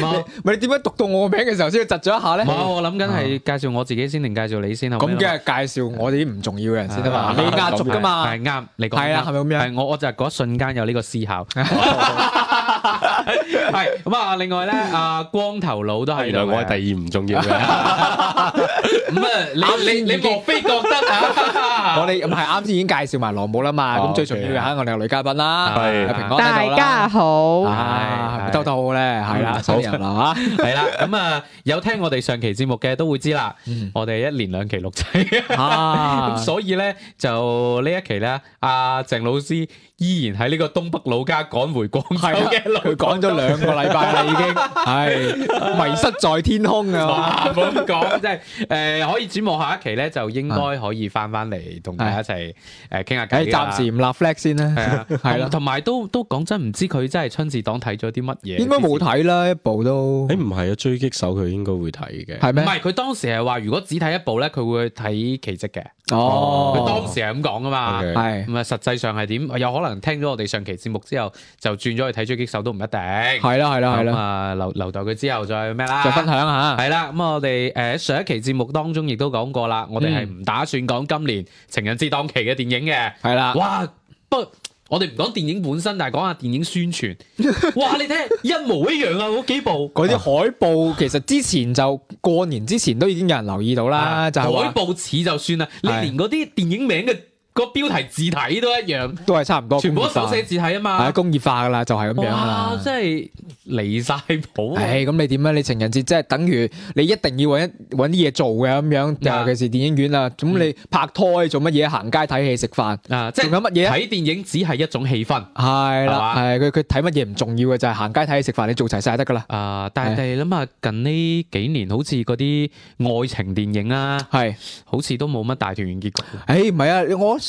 唔，你點樣讀到我名嘅時候先要窒咗一下咧？我諗緊係介紹我自己先定介紹你先啊？咁梗係介紹我哋啲唔重要嘅人先啦嘛，你家族㗎嘛，係啱，你講係啊，係咪咁樣？係，我我就係嗰一瞬間有呢個思考。係咁啊！另外咧，阿光頭佬都係，原來我係第二唔重要嘅。咁啊，你你你莫非覺得啊？我哋唔係啱先已經介紹埋羅母啦嘛？咁最重要嘅係我哋女嘉賓啦，平安大嫂啦。大家好，偷偷好咧，係啦，早晨啦，係啦。咁啊，有聽我哋上期節目嘅都會知啦。我哋一年兩期錄製啊，咁所以咧就呢一期咧，阿鄭老師。依然喺呢個東北老家趕回廣州，佢趕咗兩個禮拜啦，已經係迷失在天空啊！咁講，即係誒可以展望下一期咧，就應該可以翻翻嚟同大家一齊誒傾下偈啦。暫時唔立 flag 先啦，係啊，係啦。同埋都都講真，唔知佢真係春節檔睇咗啲乜嘢？應該冇睇啦，一部都。誒唔係啊，《狙擊手》佢應該會睇嘅。係咩？唔係佢當時係話，如果只睇一部咧，佢會睇《奇蹟》嘅。哦。佢當時係咁講噶嘛？係。咁係實際上係點？有可能。聽咗我哋上期節目之後，就轉咗去睇狙擊手都唔一定。係啦，係啦，係啦。咁啊，留留待佢之後再咩啦？再分享下。係啦，咁我哋誒、呃、上一期節目當中亦都講過啦，我哋係唔打算講今年情人節檔期嘅電影嘅。係啦的，哇！不，我哋唔講電影本身，但係講下電影宣傳。 哇！你聽一模一樣啊，嗰幾部、嗰啲海報其實之前就過年之前都已經有人留意到啦。啊、就海報似就算啦，你連嗰啲電影名嘅。個標題字體都一樣，都係差唔多，全部都手寫字體啊嘛，係工業化噶啦，就係咁樣啊，即係離曬譜。係咁，你點樣？你情人節即係等於你一定要揾揾啲嘢做嘅咁樣，尤其是電影院啊。咁你拍拖做乜嘢？行街睇戲食飯啊？即係做緊乜嘢？睇電影只係一種氣氛，係啦，係佢，佢睇乜嘢唔重要嘅，就係行街睇戲食飯，你做齊曬得噶啦。啊，但係你諗下近呢幾年好似嗰啲愛情電影啊，係好似都冇乜大團圓結局。誒，唔係啊，我。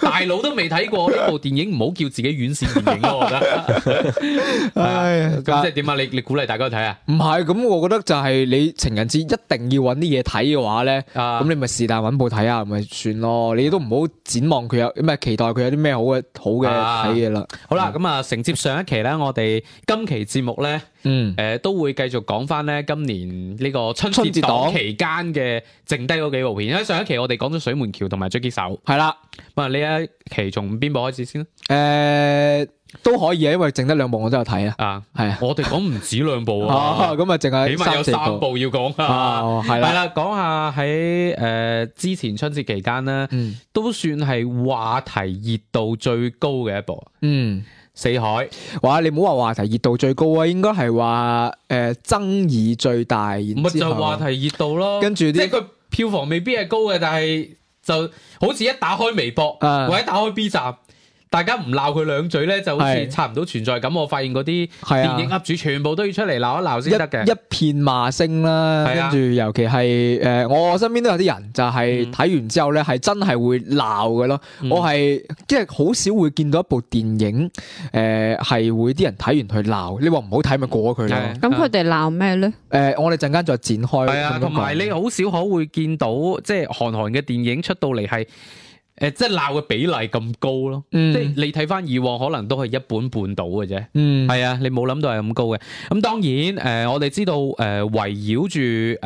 大佬都未睇過呢部電影，唔好叫自己院線電影咯。我覺得，咁即係點啊？你你鼓勵大家睇啊？唔係，咁我覺得就係你情人節一定要揾啲嘢睇嘅話咧，咁、啊、你咪是但揾部睇下咪算咯。你都唔好展望佢有，唔期待佢有啲咩好嘅好嘅睇嘢啦。好啦，咁、嗯、啊，承接上一期咧，我哋今期節目咧，嗯，誒，都會繼續講翻咧今年呢個春節檔期間嘅剩低嗰幾部片。因為上一期我哋講咗《水門橋、嗯》同、嗯、埋《狙擊手》，係啦。唔係呢一期從邊部開始先？誒、呃，都可以啊，因為剩得兩部我都有睇啊。啊，係啊，我哋講唔止兩部啊。咁啊、 哦，淨係起碼有三部要講啊。係、哦、啦，講下喺誒、呃、之前春節期間咧，嗯、都算係話題熱度最高嘅一部。嗯，四海。哇，你唔好話話題熱度最高啊，應該係話誒爭議最大。唔係就話題熱度咯，跟住呢個票房未必係高嘅，但係。就好似一打開微博，或者打開 B 站。大家唔鬧佢兩嘴咧，就好似差唔到存在感的。我發現嗰啲電影噏住，全部都要出嚟鬧一鬧先得嘅，一片罵聲啦。跟住的，尤其係誒，我身邊都有啲人就係睇完之後咧，係真係會鬧嘅咯。嗯、我係即係好少會見到一部電影誒，係、呃、會啲人睇完去鬧。你話唔好睇咪過咗佢咯。咁佢哋鬧咩咧？誒、嗯呃，我哋陣間再展開。係啊，同埋後你好少可會見到，即係韓寒嘅電影出到嚟係。誒即係鬧嘅比例咁高咯，嗯、即係你睇翻以往可能都係一本半到嘅啫，係啊、嗯，你冇諗到係咁高嘅。咁當然誒、呃，我哋知道誒圍繞住誒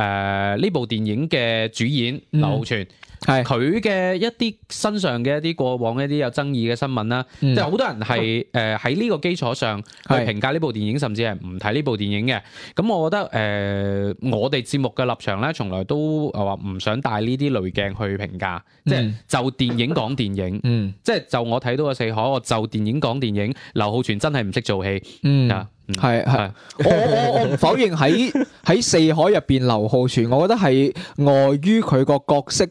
呢部電影嘅主演劉、嗯、浩存。係佢嘅一啲身上嘅一啲過往一啲有爭議嘅新聞啦，嗯、即係好多人係誒喺呢個基礎上去評價呢部電影，是甚至係唔睇呢部電影嘅。咁我覺得誒、呃，我哋節目嘅立場咧，從來都係話唔想帶呢啲濾鏡去評價，嗯、即係就電影講電影。嗯，即係就我睇到嘅四海，我就電影講電影。劉浩存真係唔識做戲。嗯，啊，係係。我我唔否認喺喺四海入邊，劉浩存，我覺得係礙、呃、於佢個角色。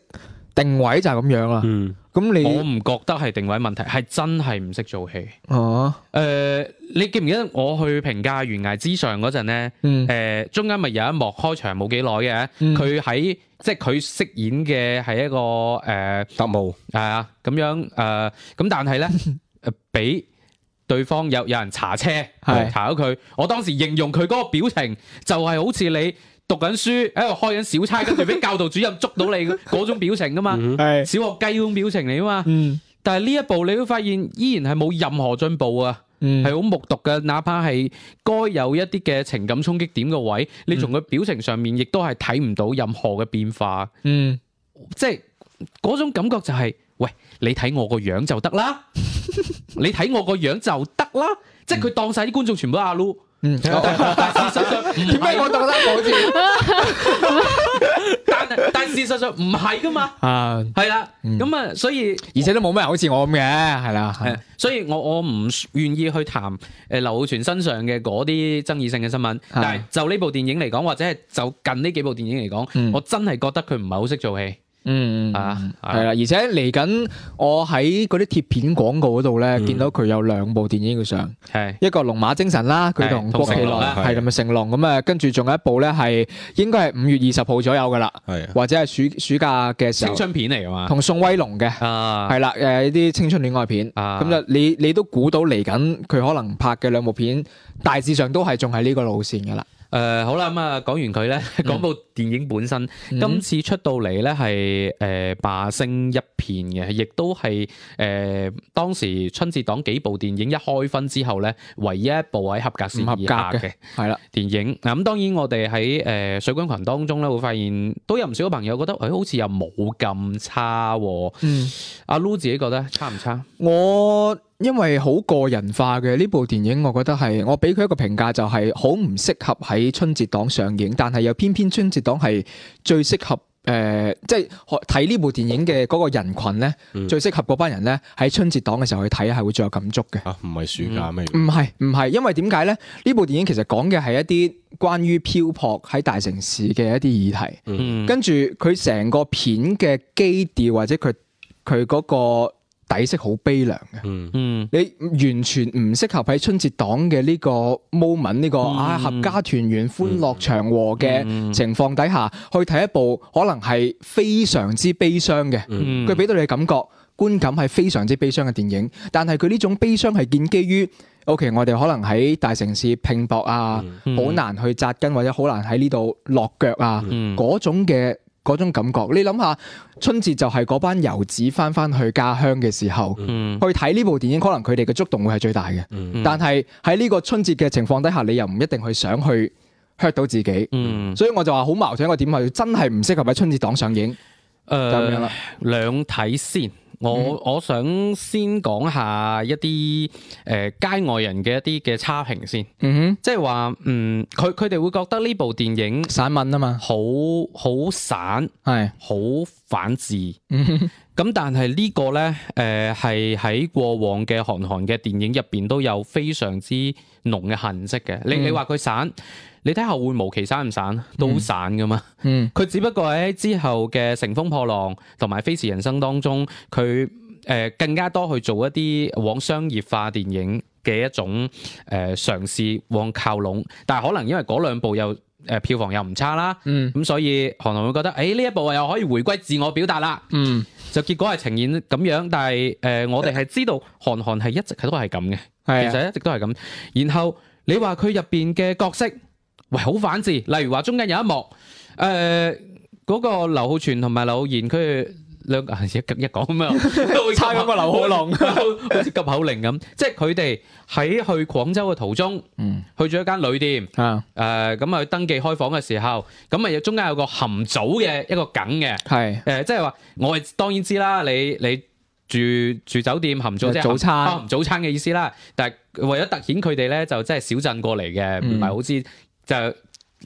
定位就係咁樣啦。嗯，咁你我唔覺得係定位問題，係真係唔識做戲。哦、啊，誒、呃，你記唔記得我去評價《懸崖之上》嗰陣咧？嗯，誒、呃，中間咪有一幕開場冇幾耐嘅，佢喺、嗯、即係佢飾演嘅係一個誒、呃、特務，係啊、呃，咁樣誒，咁、呃、但係咧誒，俾 對方有有人查車，係的查咗佢。我當時形容佢嗰個表情，就係好似你讀緊書喺度開緊小差，跟住俾教導主任捉到你嗰種表情噶嘛？係、 嗯、小學雞嗰種表情嚟啊嘛。但係呢一部，你都發現依然係冇任何進步啊，係好、嗯、目讀嘅。哪怕係該有一啲嘅情感衝擊點嘅位，你從佢表情上面亦都係睇唔到任何嘅變化。嗯，即係嗰種感覺就係、是，喂，你睇我個樣就得啦，你睇我個樣就得啦。嗯、即係佢當晒啲觀眾全部阿盧。嗯，但事實上，點解我覺得好似，但係但事實上唔係噶嘛，係啦，咁啊，所以而且都冇咩人好似我咁嘅，係啦，係，所以我我唔願意去談誒劉浩存身上嘅嗰啲爭議性嘅新聞，但係就呢部電影嚟講，或者係就近呢幾部電影嚟講，我真係覺得佢唔係好識做戲。嗯，啊，係啦，而且嚟緊我喺嗰啲貼片廣告嗰度咧，見到佢有兩部電影嘅相，係一個龍馬精神啦，佢同郭麒麟係同埋成龍咁啊，跟住仲有一部咧係應該係五月二十號左右噶啦，係或者係暑暑假嘅青春片嚟噶嘛，同宋威龍嘅，係啦，誒，呢啲青春戀愛片，咁就你你都估到嚟緊佢可能拍嘅兩部片大致上都係仲係呢個路線噶啦。誒好啦，咁啊、嗯嗯、講完佢咧，講部電影本身，嗯、今次出到嚟咧係誒霸聲一片嘅，亦都係誒、呃、當時春節檔幾部電影一開分之後咧，唯一一部喺合格線以下嘅係啦電影。嗱咁當然我哋喺誒水軍群當中咧，會發現都有唔少朋友覺得誒、哎、好似又冇咁差喎、哦。阿、嗯啊、Lu 自己覺得差唔差？我因為好個人化嘅呢部電影，我覺得係我俾佢一個評價就係好唔適合喺春節檔上映，但係又偏偏春節檔係最適合誒、呃，即係睇呢部電影嘅嗰個人群咧，嗯、最適合嗰班人咧喺春節檔嘅時候去睇係會最有感觸嘅。啊，唔係暑假咩？唔係唔係，因為點解咧？呢部電影其實講嘅係一啲關於漂泊喺大城市嘅一啲議題，嗯嗯跟住，佢成個片嘅基調或者佢佢嗰個。底色好悲涼嘅，嗯嗯，你完全唔適合喺春節檔嘅呢個 moment 呢個啊、嗯、合家團圓歡樂祥和嘅情況底下，去睇一部可能係非常之悲傷嘅，佢俾到你嘅感覺觀感係非常之悲傷嘅電影。但係佢呢種悲傷係建基於，O.K. 我哋可能喺大城市拼搏啊，好難去紮根或者好難喺呢度落腳啊，嗰、嗯、種嘅。嗰種感覺，你諗下春節就係嗰班遊子返返去家鄉嘅時候，mm hmm. 去睇呢部電影，可能佢哋嘅觸動會係最大嘅。Mm hmm. 但係喺呢個春節嘅情況底下，你又唔一定去想去 hurt 到自己。Mm hmm. 所以我就話好矛盾一個點係，真係唔適合喺春節檔上映。誒、uh，咁樣啦，兩睇先。我我想先講下一啲誒、呃、街外人嘅一啲嘅差評先，嗯哼，即係話，嗯，佢佢哋會覺得呢部電影散文啊嘛，好好散，係好是反智，咁、嗯、哼但係呢個呢誒係喺過往嘅韓寒嘅電影入邊都有非常之濃嘅痕跡嘅，嗯、你你話佢散？你睇下後會無期散唔散，都散噶嘛，嗯。嗯，佢只不過喺之後嘅《乘風破浪》同埋《飛馳人生》當中，佢誒更加多去做一啲往商業化電影嘅一種誒嘗試往靠攏，但係可能因為嗰兩部又誒票房又唔差啦。嗯，咁所以韓寒會覺得誒呢、欸、一部又可以回歸自我表達啦。嗯，就結果係呈現咁樣，但係誒我哋係知道韓寒係一直都係咁嘅，嗯、其實一直都係咁。嗯嗯、然後你話佢入邊嘅角色。喂，好反智，例如話中間有一幕，誒、呃、嗰、那個劉浩全同埋劉浩然，佢兩個一夾一講咁樣，插個 劉浩龍， 好似急口令咁，即係佢哋喺去廣州嘅途中，去咗一間旅店，誒咁啊去登記開房嘅時候，咁啊中間有個含早嘅一個梗嘅，係誒即係話我當然知啦，你你住住酒店含早、即係、早餐早、哦、餐嘅意思啦，但係為咗突顯佢哋咧，就即係小鎮過嚟嘅，唔係好知。嗯嗯就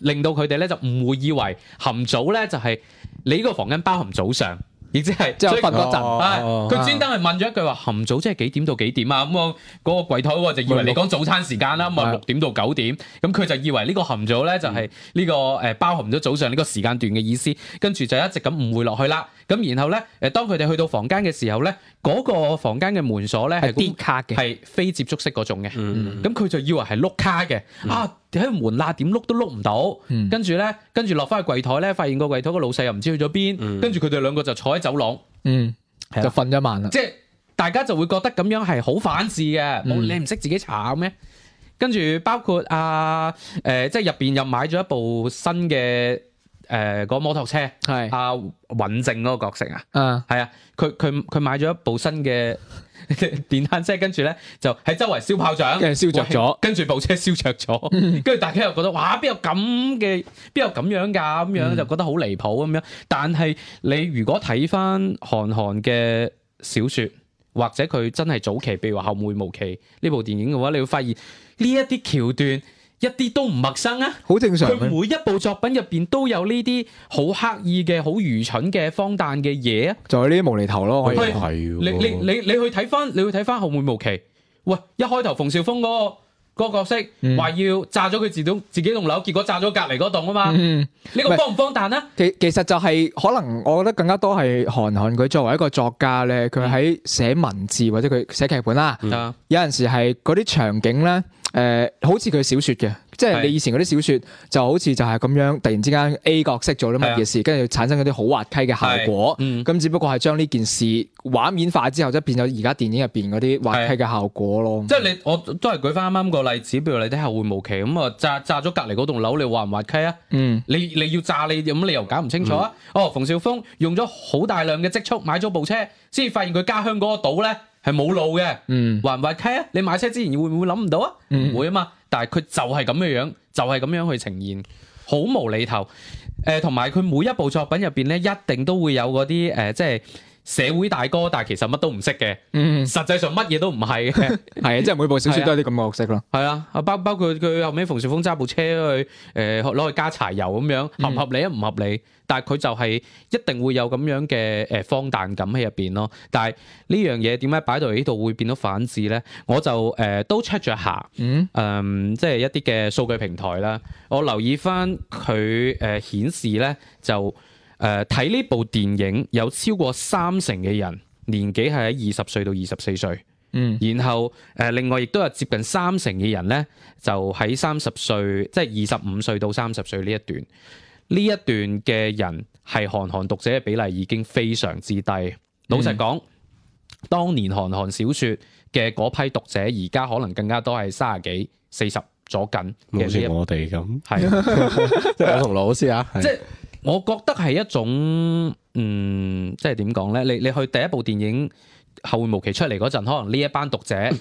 令到佢哋咧就誤會以為含早咧就係你呢個房間包含早上，亦、就是、即係即係我瞓嗰陣，佢專登係問咗一句話含早即係幾點到幾點啊？咁我嗰個櫃枱喎就以為你講早餐時間啦，咁啊六點到九點，咁佢就以為呢個含早咧就係呢個誒包含咗早上呢個時間段嘅意思，跟住、嗯、就一直咁誤會落去啦。咁然後咧，誒當佢哋去到房間嘅時候咧，嗰個房間嘅門鎖咧係跌卡嘅，係非接觸式嗰種嘅。咁佢就以為係碌卡嘅，啊喺門罅點碌都碌唔到。跟住咧，跟住落翻去櫃台咧，發現個櫃台個老細又唔知去咗邊。跟住佢哋兩個就坐喺走廊，就瞓咗晚啦。即係大家就會覺得咁樣係好反智嘅，你唔識自己查咩？跟住包括啊，誒即係入邊又買咗一部新嘅。誒、呃那個、摩托車，係阿尹正嗰個角色啊，係啊，佢佢佢買咗一部新嘅 電單車，跟住咧就喺周圍燒炮仗，嗯、燒着咗，跟住部車燒着咗，跟住、嗯、大家又覺得哇邊有咁嘅，邊有咁樣㗎咁樣、嗯、就覺得好離譜咁樣。但係你如果睇翻韓寒嘅小說，或者佢真係早期，譬如話《後會無期》呢部電影嘅話，你會發現呢一啲橋段。一啲都唔陌生啊！好正常、啊。佢每一部作品入邊都有呢啲好刻意嘅、好愚蠢嘅、荒誕嘅嘢啊！就係呢啲無厘頭咯、啊，可以係。你你你你去睇翻，你去睇翻《後會無期》。喂，一開頭馮紹峰嗰、那個角色話要炸咗佢自己自己棟樓，結果炸咗隔籬嗰棟啊嘛。呢、嗯、個荒唔荒誕啊？其其實就係、是、可能，我覺得更加多係韓寒佢作為一個作家咧，佢喺寫文字或者佢寫劇本啦，有陣時係嗰啲場景咧。誒、呃，好似佢小説嘅，即係你以前嗰啲小説，就好似就係咁樣，突然之間 A 角色做咗某件事，跟住的產生嗰啲好滑稽嘅效果。咁、嗯、只不過係將呢件事畫面化之後，即係變咗而家電影入邊嗰啲滑稽嘅效果咯。即係你，我都係舉翻啱啱個例子，譬如你睇《後會無期》，咁啊炸炸咗隔離嗰棟樓，你話唔滑稽啊？嗯、你你要炸你咁你又搞唔清楚啊？嗯、哦，馮紹峯用咗好大量嘅積蓄買咗部車，先發現佢家鄉嗰個島咧。係冇路嘅，滑唔滑稽啊？你買車之前會唔會諗唔到啊？唔、嗯、會啊嘛，但係佢就係咁嘅樣，就係、是、咁樣去呈現，好無厘頭。誒、呃，同埋佢每一部作品入邊咧，一定都會有嗰啲誒，即係。社會大哥，但係其實乜都唔識嘅，嗯、實際上乜嘢都唔係嘅，係啊，即係每部小説都係啲咁嘅角色咯。係啊，包包括佢後尾馮紹峰揸部車去，誒、呃、攞去加柴油咁樣，嗯、合唔合理啊？唔合理，但係佢就係一定會有咁樣嘅誒荒誕感喺入邊咯。但係呢樣嘢點解擺到嚟呢度會變到反智咧？我就誒、呃、都 check 咗下，嗯，誒、嗯、即係一啲嘅數據平台啦，我留意翻佢誒顯示咧就。就誒睇呢部電影，有超過三成嘅人年紀係喺二十歲到二十四歲。嗯。然後誒、呃，另外亦都有接近三成嘅人呢，就喺三十歲，即係二十五歲到三十歲呢一段。呢一段嘅人係韓寒讀者嘅比例已經非常之低。嗯、老實講，當年韓寒小說嘅嗰批讀者，而家可能更加多係三十幾、四十左近。好似我哋咁，係我同老師啊， 即係。 我覺得係一種，嗯，即係點講呢？你你去第一部電影後會無期出嚟嗰陣，可能呢一班讀者誒、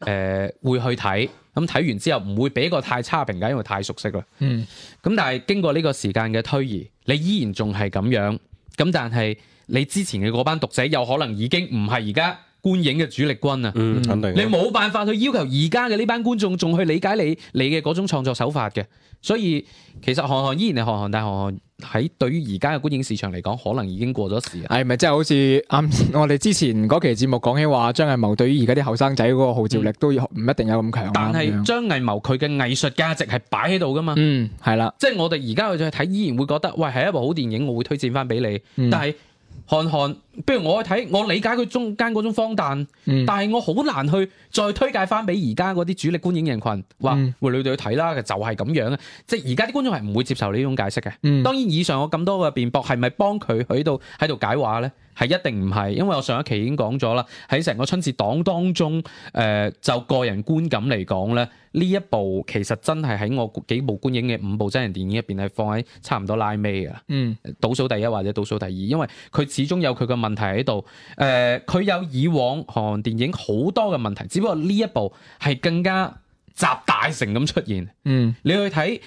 呃、會去睇，咁睇完之後唔會俾個太差評㗎，因為太熟悉啦。嗯。咁但係經過呢個時間嘅推移，你依然仲係咁樣。咁但係你之前嘅嗰班讀者有可能已經唔係而家觀影嘅主力軍啦。嗯，肯定。你冇辦法去要求而家嘅呢班觀眾仲去理解你你嘅嗰種創作手法嘅，所以其實韓寒依然係韓寒，但係韓寒。喺對於而家嘅觀影市場嚟講，可能已經過咗時啦。係咪即係好似啱我哋之前嗰期節目講起話，張藝謀對於而家啲後生仔嗰個號召力都唔一定有咁強。嗯。但係張藝謀佢嘅藝術價值係擺喺度噶嘛。嗯，係啦，即係我哋而家去再睇，依然會覺得喂係一部好電影，我會推薦翻俾你。但係。嗯看看，不如我去睇，我理解佢中間嗰種荒誕，嗯、但係我好難去再推介翻俾而家嗰啲主力觀影人群話會，嗯、你哋去睇啦，就係、是、咁樣嘅，即係而家啲觀眾係唔會接受呢種解釋嘅。嗯、當然，以上我咁多嘅辯駁，係咪幫佢喺度喺度解話咧？係一定唔係，因為我上一期已經講咗啦。喺成個春節檔當中，誒、呃、就個人觀感嚟講咧，呢一部其實真係喺我幾部觀影嘅五部真人電影入邊係放喺差唔多拉尾㗎，嗯、倒數第一或者倒數第二，因為佢始終有佢嘅問題喺度。誒、呃，佢有以往韓、韓電影好多嘅問題，只不過呢一部係更加集大成咁出現。嗯，你去睇。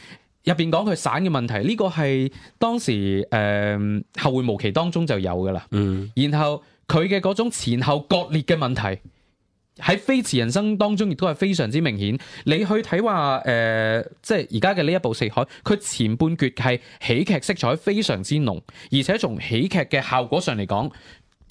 入邊講佢散嘅問題，呢、這個係當時誒、呃、後會無期當中就有㗎喇。嗯，然後佢嘅嗰種前後割裂嘅問題，喺飛馳人生當中亦都係非常之明顯。你去睇話誒，即係而家嘅呢一部四海，佢前半段係喜劇色彩非常之濃，而且從喜劇嘅效果上嚟講。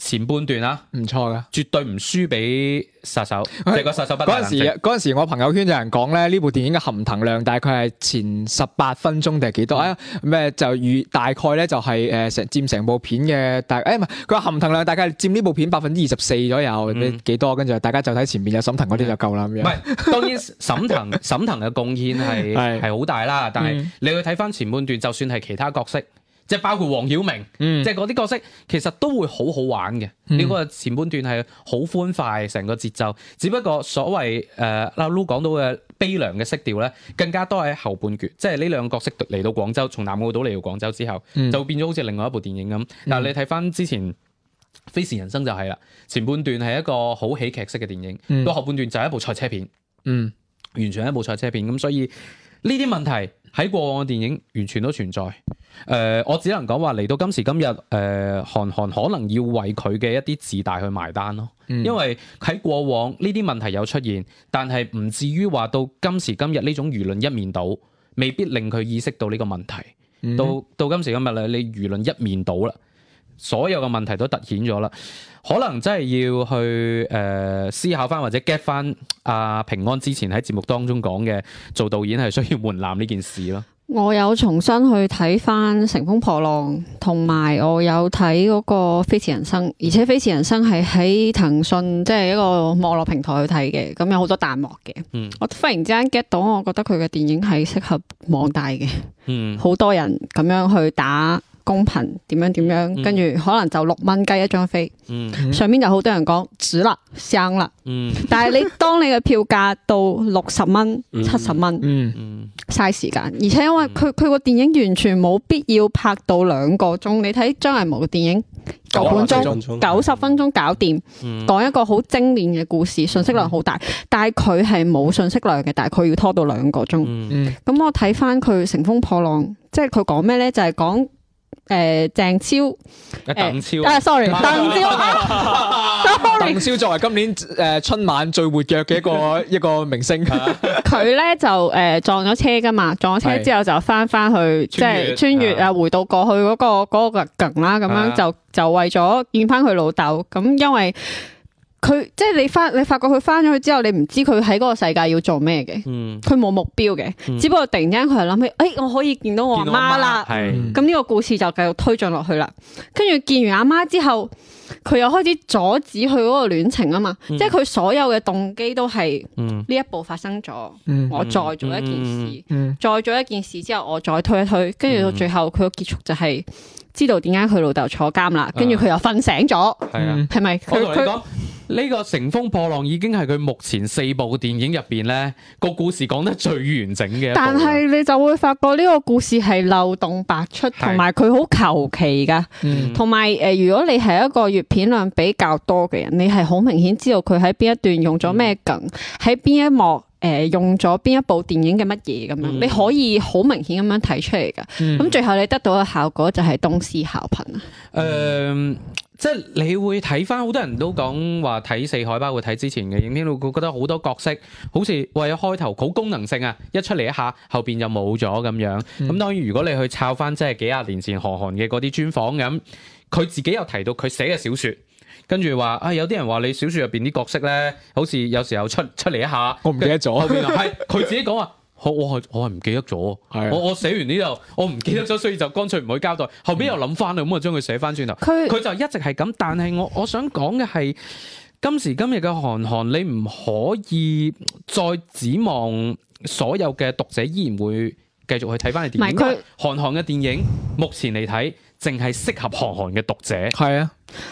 前半段啊，唔錯噶，絕對唔輸俾殺手。係個殺手不太冷靜。嗰 陣時，嗰陣時我朋友圈有人講咧，呢部電影嘅含騰量大概係前十八分鐘定係幾多？咩、嗯嗯、就大概、就係呃、 大概咧就係誒，成佔成部片嘅大。誒唔係，佢話含騰量大概係佔呢部片百分之二十四左右，幾多？跟住大家就睇前面有沈騰嗰啲就夠啦。唔係、嗯 當然沈騰沈 騰嘅貢獻係係好大啦，但係你去睇翻前半段，就算係其他角色 ggak。 即係包括黃曉明，嗯、即係嗰啲角色其實都會好好玩嘅。呢嗰、嗯、個前半段係好歡快，成個節奏。只不過所謂誒阿 Lu 講到嘅悲涼嘅色調咧，更加多喺後半段。即係呢兩個角色嚟到廣州，從南澳島嚟到廣州之後，就變咗好似另外一部電影咁。嗯、但係你睇翻之前《飛馳人生》就係、是、啦，前半段係一個好喜劇式嘅電影，到後半段就係一部賽車片，嗯，完全係一部賽車片。咁所以。呢啲問題喺過往嘅電影完全都存在，誒、呃，我只能講話嚟到今時今日，誒、呃，韓寒可能要為佢嘅一啲自大去埋單咯，因為喺過往呢啲問題有出現，但係唔至於話到今時今日呢種輿論一面倒，未必令佢意識到呢個問題。到到今時今日咧，你輿論一面倒啦。所有嘅問題都突顯咗啦，可能真係要去誒、呃、思考翻或者 get 翻阿平安之前喺節目當中講嘅做導演係需要門檻呢件事咯。我有重新去睇翻《乘風破浪》，同埋我有睇嗰、那個《飛馳人生》，而且《飛馳人生》係喺騰訊即係一個網絡平台去睇嘅，咁有好多彈幕嘅。嗯，我忽然之間 get 到，我覺得佢嘅電影係適合網大嘅。嗯，好多人咁樣去打。公頻點樣點樣，跟住可能就六蚊雞一張飛，上面就好多人講止啦、升啦，但係你當你嘅票價到六十蚊、七十蚊，嘥時間，而且因為佢佢個電影完全冇必要拍到兩個鐘，你睇張藝謀嘅電影九分鐘、九十分鐘搞掂，講一個好精煉嘅故事，信息量好大，但係佢係冇信息量嘅，但係佢要拖到兩個鐘，咁我睇翻佢《乘風破浪》，即係佢講咩咧，就係講。誒，鄭、呃、超，誒、呃，鄧超，啊、呃、sorry，鄧超，鄧 超作為今年誒、呃、春晚最活躍嘅一個 一個明星，佢咧 就誒、呃、撞咗車㗎嘛，撞咗車之後就返返去，越即係穿越啊，回到過去嗰、那個嗰、那個梗啦，咁樣就就為咗見返佢老豆，咁因為。佢即係你翻，你發覺佢翻咗去之後，你唔知佢喺嗰個世界要做咩嘅。嗯，佢冇目標嘅，只不過突然間佢係諗起，誒，我可以見到我阿媽啦。係，咁呢個故事就繼續推進落去啦。跟住見完阿媽之後，佢又開始阻止佢嗰個戀情啊嘛，即係佢所有嘅動機都係呢一步發生咗，我再做一件事，再做一件事之後，我再推一推，跟住到最後佢嘅結束就係知道點解佢老豆坐監啦。跟住佢又瞓醒咗，係咪？佢。呢個乘風破浪已經係佢目前四部電影入邊，呢個故事講得最完整嘅。但係你就會發覺呢個故事係漏洞百出，同埋佢好求其噶。同埋誒，如果你係一個閱片量比較多嘅人，你係好明顯知道佢喺邊一段用咗咩梗，喺邊、嗯、一幕誒、呃、用咗邊一部電影嘅乜嘢咁樣，嗯、你可以好明顯咁樣睇出嚟噶。咁、嗯嗯、最後你得到嘅效果就係東施效顰啊。誒、嗯。呃即係你會睇翻好多人都講話睇四海，包括睇之前嘅影片，會覺得好多角色好似話有開頭好功能性啊，一出嚟一下，後邊就冇咗咁樣。咁、嗯、當然如果你去抄翻即係幾廿年前韓寒嘅嗰啲專訪咁，佢自己又提到佢寫嘅小説，跟住話啊有啲人話你小説入邊啲角色咧，好似有時候出出嚟一下，我唔記得咗，係佢自己講話。我的我係我係唔記得咗，我我寫完呢度，我唔記得咗，所以就乾脆唔去交代。後邊又諗翻啦，咁啊將佢寫翻轉頭。佢、嗯、就一直係咁，但係我我想講嘅係今時今日嘅韓寒，你唔可以再指望所有嘅讀者依然會繼續去睇翻你電影。唔係佢韓寒嘅電影，目前嚟睇淨係適合韓寒嘅讀者。係啊。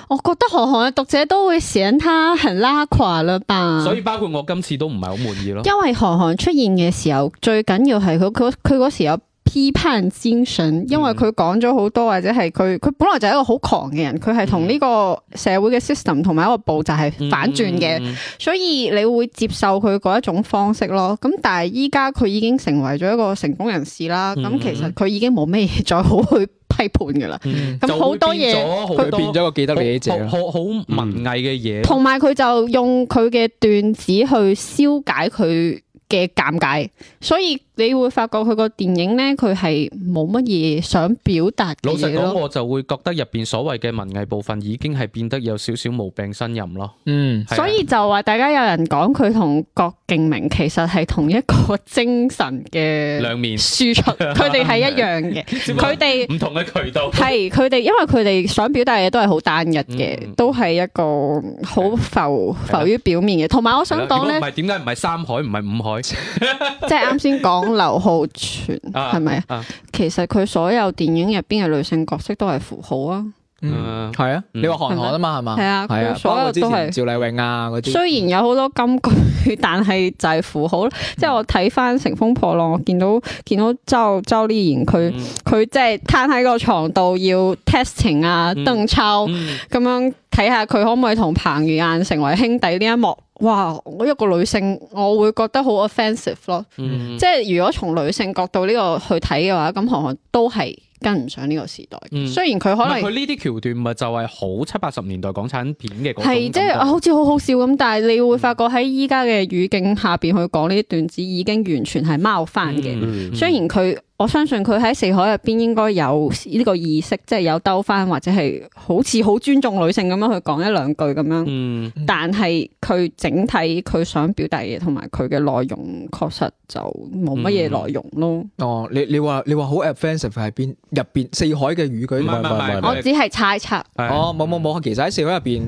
我覺得韓寒嘅讀者都會嫌他好拉垮啦吧，所以包括我今次都唔係好滿意咯。因為韓寒出現嘅時候，最緊要係佢佢佢嗰時候。批判精神，因為佢講咗好多，或者係佢佢本來就係一個好狂嘅人，佢係同呢個社會嘅 system 同埋一個步驟係反轉嘅，嗯嗯嗯、所以你會接受佢嗰一種方式咯。咁但係依家佢已經成為咗一個成功人士啦，咁、嗯、其實佢已經冇咩嘢再好去批判噶啦。咁好多嘢，佢變咗個既得利益者，好好，好文藝嘅嘢，同埋佢就用佢嘅段子去消解佢嘅尷尬，所以。你會發覺佢個電影呢，佢係冇乜嘢想表達嘅。老實講，我就會覺得入邊所謂嘅文藝部分已經係變得有少少無病呻吟咯。嗯，所以就話大家有人講佢同郭敬明其實係同一個精神嘅兩面輸出，佢哋係一樣嘅。佢哋唔同嘅渠道係佢哋，因為佢哋想表達嘅都係好單一嘅，嗯、都係一個好浮對浮於表面嘅。同埋我想講呢，唔係點解唔係三海唔係五海？即係啱先講。劉浩存係咪啊？其實佢所有電影入邊嘅女性角色都係符號啊。嗯，係啊，你話韓寒啦嘛，係嘛？係啊，係啊，所有都係。趙麗穎啊，嗰啲。雖然有好多金句，但係就係符號咯。即係我睇翻《乘風破浪》，我見到見到周周麗然，佢佢即係攤喺個床度要 testing 啊，鄧超咁樣睇下佢可唔可以同彭于晏成為兄弟呢一幕。哇！我一個女性，我會覺得好 offensive 咯。嗯、即係如果從女性角度呢個去睇嘅話，咁韓寒都係跟唔上呢個時代。嗯、雖然佢可能佢呢啲橋段咪就係好七八十年代港產片嘅。係即係好似好好笑咁，但係你會發覺喺依家嘅語境下邊去講呢啲段子，已經完全係貓翻嘅。嗯嗯嗯、雖然佢。我相信佢喺四海入邊應該有呢個意識，即係有兜返或者係好似好尊重女性咁樣去講一兩句咁樣。嗯嗯、但係佢整體佢想表達嘢同埋佢嘅內容，確實就冇乜嘢內容咯。嗯、哦，你你話你話好 offensive 喺係邊入邊四海嘅語句？唔係唔係，我只係猜測。是哦，冇冇冇，其實喺四海入邊。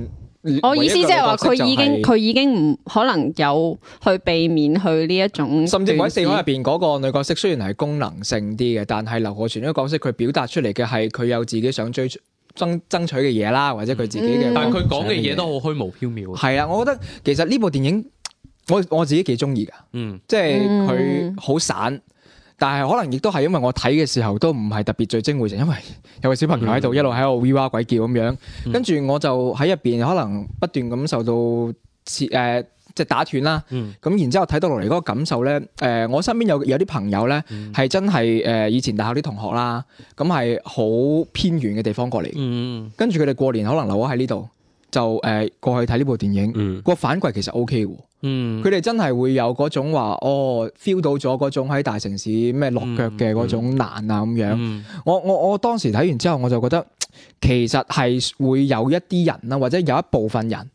我、就是、意思即係話佢已經佢已經唔可能有去避免去呢一種，甚至喺四海入邊嗰個女角色，雖然係功能性啲嘅，但係劉浩存呢個角色佢表達出嚟嘅係佢有自己想追爭爭取嘅嘢啦，或者佢自己嘅，嗯、但係佢講嘅嘢都好虛無縹緲。係啊，我覺得其實呢部電影我我自己幾中意噶，嗯，即係佢好散。但係可能亦都係因為我睇嘅時候都唔係特別最精會成，因為有個小朋友喺度一路喺度 w 哇鬼叫咁樣。嗯、跟住我就喺入邊可能不斷、呃就是、斷、嗯、aa, 感受到誒即係打斷啦。咁然之後睇到落嚟嗰個感受咧，誒我身邊有有啲朋友咧係真係誒以前大學啲同學啦，咁係好偏遠嘅地方過嚟，跟住佢哋過年可能留咗喺呢度，就誒過去睇呢部電影，個反饋其實 O K 喎。嗯，佢哋真係會有嗰種話，哦，feel 到咗嗰種喺大城市咩落腳嘅嗰種難啊咁樣，嗯嗯。我我我當時睇完之後，我就覺得其實係會有一啲人啦，或者有一部分人，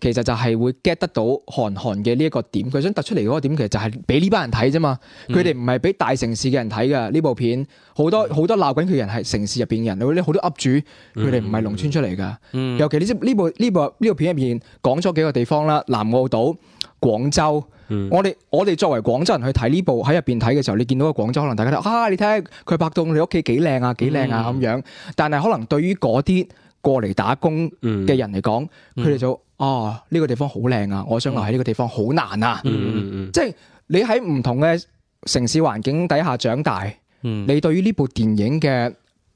其實就係會 get 得到韓寒嘅呢一個點。佢想突出嚟嗰個點，其實就係俾呢班人睇啫嘛。佢哋唔係俾大城市嘅人睇噶。呢部片好多好多鬧緊佢人係城市入邊嘅人，嗰啲好多 up 主，佢哋唔係農村出嚟噶。嗯嗯，尤其呢呢部呢部呢部，呢部片入面講咗幾個地方啦，南澳島。廣州，嗯、我哋我哋作為廣州人去睇呢部喺入邊睇嘅時候，你見到個廣州可能大家都啊，你睇下佢拍到你屋企幾靚啊幾靚啊咁樣。但係可能對於嗰啲過嚟打工嘅人嚟講，佢哋、嗯嗯、就哦呢、啊呢個地方好靚啊，我想留喺呢個地方好難啊，嗯嗯嗯、即係你喺唔同嘅城市環境底下長大，你對於呢部電影嘅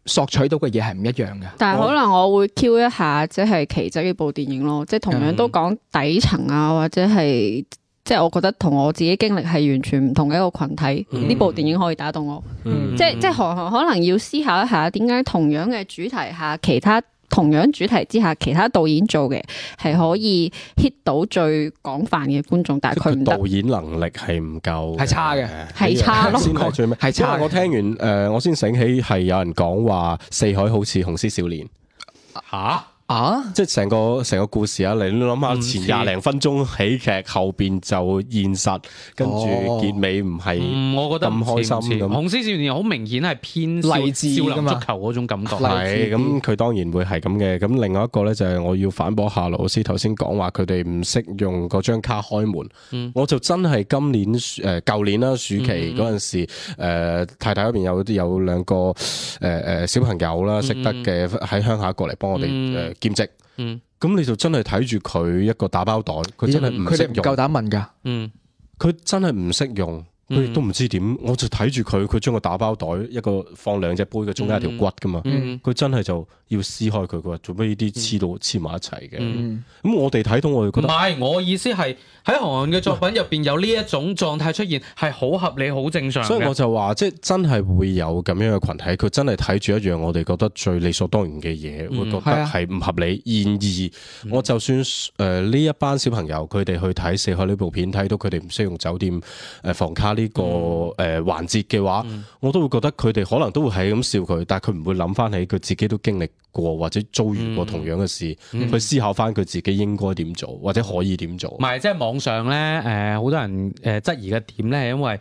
索取到嘅嘢係唔一樣嘅，但係可能我會 Q 一下，即係《奇蹟》呢部電影咯，即係同樣都講底層啊，或者係即係我覺得同我自己經歷係完全唔同嘅一個群體。嗯，呢部電影可以打動我，即係即係可能要思考一下，點解同樣嘅主題下其他。同樣主題之下，其他導演做嘅係可以 hit 到最廣泛嘅觀眾，但係佢導演能力係唔夠，係差嘅，係差咯。係差。我聽完誒、呃，我先醒起係有人講話《四海》好似《雄獅少年》嚇、啊。啊！即係成個成個故事啊，你你諗下前廿零分鐘喜劇，後邊就現實，跟住結尾唔係我覺得唔開心咁。《雄獅少年》好明顯係偏勵志噶嘛，足球嗰種感覺。係咁，佢當然會係咁嘅。咁另外一個咧就係我要反駁下老師頭先講話，佢哋唔識用嗰張卡開門。我就真係今年誒，舊年啦，暑期嗰陣時，誒太太嗰邊有啲有兩個誒誒小朋友啦，識得嘅喺鄉下過嚟幫我哋兼職，嗯，咁你就真係睇住佢一個打包袋，佢真係唔識用，唔夠膽問噶，嗯，佢真係唔識用。佢亦都唔知點，我就睇住佢，佢將個打包袋一個放兩隻杯嘅中間一條骨噶嘛，佢、嗯、真係就要撕開佢，佢話做咩呢啲黐到黐埋、嗯、一齊嘅？咁、嗯、我哋睇到我哋覺得唔係，我意思係喺韓寒嘅作品入邊有呢一種狀態出現，係好是合理、好正常。所以我就話即係真係會有咁樣嘅群體，佢真係睇住一樣我哋覺得最理所當然嘅嘢，嗯、會覺得係唔合理。然而我就算誒呢、呃、一班小朋友佢哋去睇《四海》呢部片，睇到佢哋唔識用酒店誒房卡。房呢個誒環節嘅話，嗯、我都會覺得佢哋可能都會係咁笑佢，但係佢唔會諗翻起佢自己都經歷過或者遭遇過同樣嘅事，嗯嗯、去思考翻佢自己應該點做或者可以點做。唔係，即係網上咧，誒、呃、好多人誒質疑嘅點咧，因為，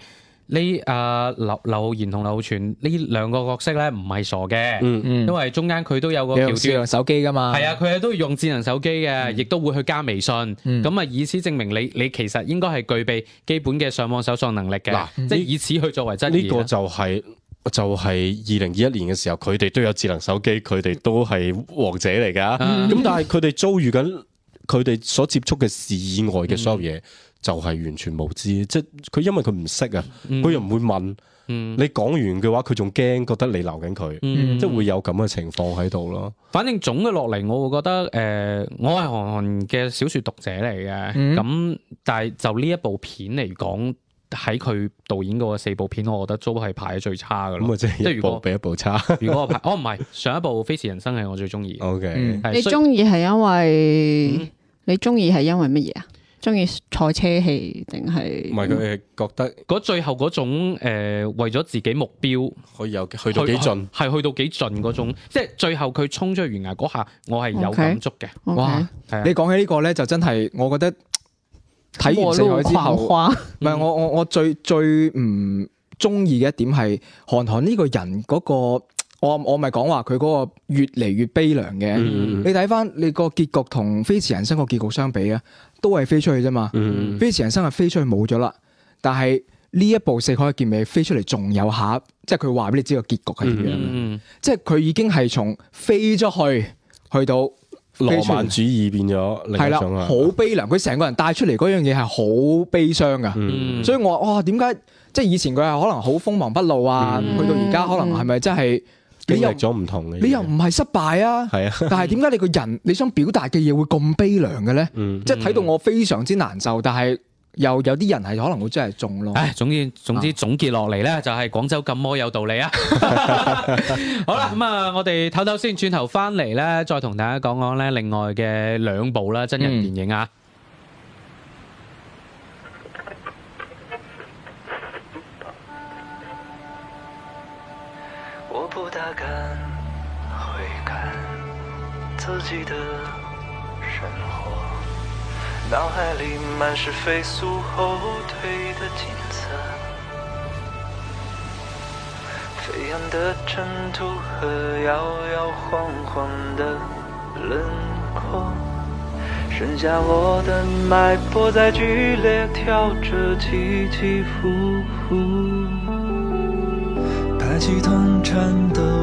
呢阿劉劉昊然同劉浩存呢兩個角色咧，唔係傻嘅，嗯、因為中間佢都有個叫智能手機噶嘛，係啊，佢哋都用智能手機嘅，亦都、嗯、會去加微信，咁啊、嗯、以此證明你你其實應該係具備基本嘅上網搜索能力嘅，嗯、即係以此去作為證、嗯。呢、這個就係、是、就係二零二一年嘅時候，佢哋都有智能手機，佢哋都係王者嚟噶，咁、嗯嗯、但係佢哋遭遇緊佢哋所接觸嘅事以外嘅所有嘢、嗯。就係完全無知，即係佢因為佢唔識啊，佢又唔會問，你講完嘅話佢仲驚，覺得你鬧緊佢，即係會有咁嘅情況喺度咯。反正總嘅落嚟，我會覺得誒，我係韓寒嘅小說讀者嚟嘅，咁但係就呢一部片嚟講，喺佢導演嗰四部片，我覺得都係排得最差嘅咯。咁即係一部比一部差。如果我排，哦唔係上一部《飛馳人生》係我最中意。O K，你中意係因為你中意係因為乜嘢啊？中意賽車戲定係？唔係佢係覺得嗰最後嗰種誒、呃，為咗自己目標可以有去到幾盡，係去到幾盡嗰種，嗯、即係最後佢衝出懸崖嗰下，我係有感觸嘅。嗯、okay, 哇！你講起呢、這個咧，就真係我覺得睇完四海之後，唔係、嗯、我我我，我最最唔中意嘅一點係韓寒呢個人嗰、那個，我我咪講話佢嗰個越嚟越悲涼嘅。嗯、你睇翻你個結局同飛馳人生個結局相比啊！都係飛出去啫嘛，嗯、飛馳人生係飛出去冇咗啦。但係呢一部《四海》嘅結尾飛出嚟仲有下，即係佢話俾你知個結局係點樣，嗯嗯、即係佢已經係從飛咗去去到浪漫主義變咗，係啦，好悲涼。佢成、嗯、個人帶出嚟嗰樣嘢係好悲傷噶，嗯、所以我話哇，點解即係以前佢係可能好鋒芒不露啊，去、嗯、到而家可能係咪真係？你又經歷咗唔同嘅，你又唔係失敗啊？係是啊，但係點解你個人你想表達嘅嘢會咁悲涼嘅咧？即係睇到我非常之難受，嗯嗯、但係又有啲人係可能會真係中咯。唉，總之總之總結落嚟咧，就係廣州禁摩有道理啊！好啦，咁啊，我哋唞唞先，轉頭翻嚟咧，再同大家講講咧另外嘅兩部啦真人電影啊。嗯會看自己的生活，腦海裏滿是飛速後退的景色，飛揚的塵土和搖搖晃晃晃的輪廓，剩下我的脈搏在劇烈跳着起起伏伏，排氣筒顫抖。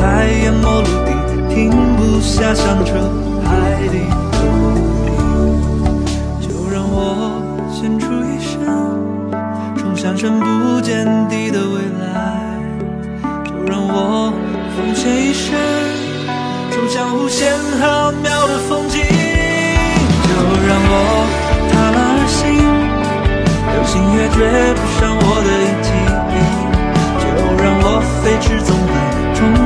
在淹沒陸地，停不下想着海底的轟鳴。就讓我獻出一生，衝向深不見底的未來。就讓我奉獻一生，衝向無限浩渺的風景。就讓我踏浪而行，流星也追不上我的影迹。就讓我飛馳縱橫。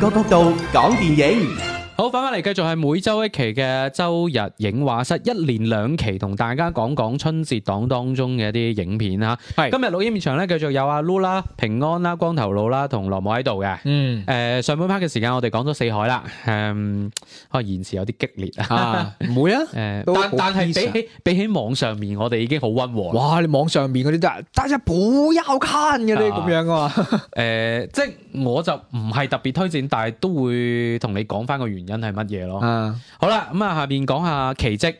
各角度講電影，好翻。翻嚟繼續係每周一期嘅周日映畫室，一連兩期同大家講講春節檔當中嘅一啲影片吓。係是今日錄影場咧，繼續有阿 Lu 啦、平安啦、光頭佬啦同羅母喺度嘅。嗯，誒上半 part 嘅時間我哋講咗四海啦，嗯可能言辭有啲激烈啊，唔會啊，誒、啊、但但係比比起,比起網上面我哋已經好温和。哇，你網上面嗰啲真係真係好腰刊嘅啲咁樣噶誒、啊呃，即係我就唔係特別推薦，但係都會同你講翻個原因係。 乜嘢咯？嗯，好啦，咁啊，下面講下奇蹟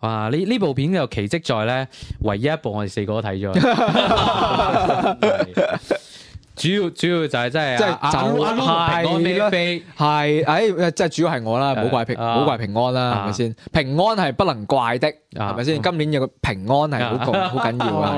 哇！呢呢部片嘅奇蹟在咧，唯一一部我哋四個都睇咗。主要主要就係即係就派安飛飛係，誒，即係主要係我啦，唔好怪平，唔好怪平安啦，係咪先？平安係不能怪的，係咪先？今年有個平安係好重、好緊要啊！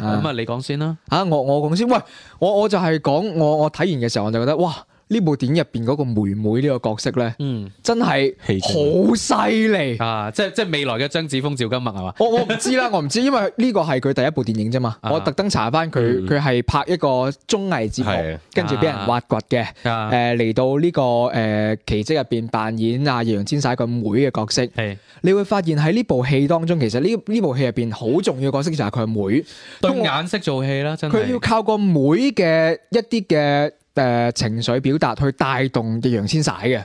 咁啊，你講先啦，吓我我講先，喂，我我就係講我我睇完嘅時候，我就覺得哇！呢部電影入邊嗰個妹妹呢個角色咧，嗯，真係好犀利啊！即係即係未來嘅張子楓、趙今麥係嘛？我我唔知啦，我唔知，因為呢個係佢第一部電影啫嘛。我特登查翻佢，佢係拍一個綜藝節目，跟住俾人挖掘嘅，誒嚟到呢個誒奇蹟入邊扮演阿楊千玺個妹嘅角色。係，你會發現喺呢部戲當中，其實呢呢部戲入邊好重要嘅角色就係佢妹，對眼色做戲啦，真佢要靠個妹嘅一啲嘅。誒，情緒表達去帶動易烊千璽嘅，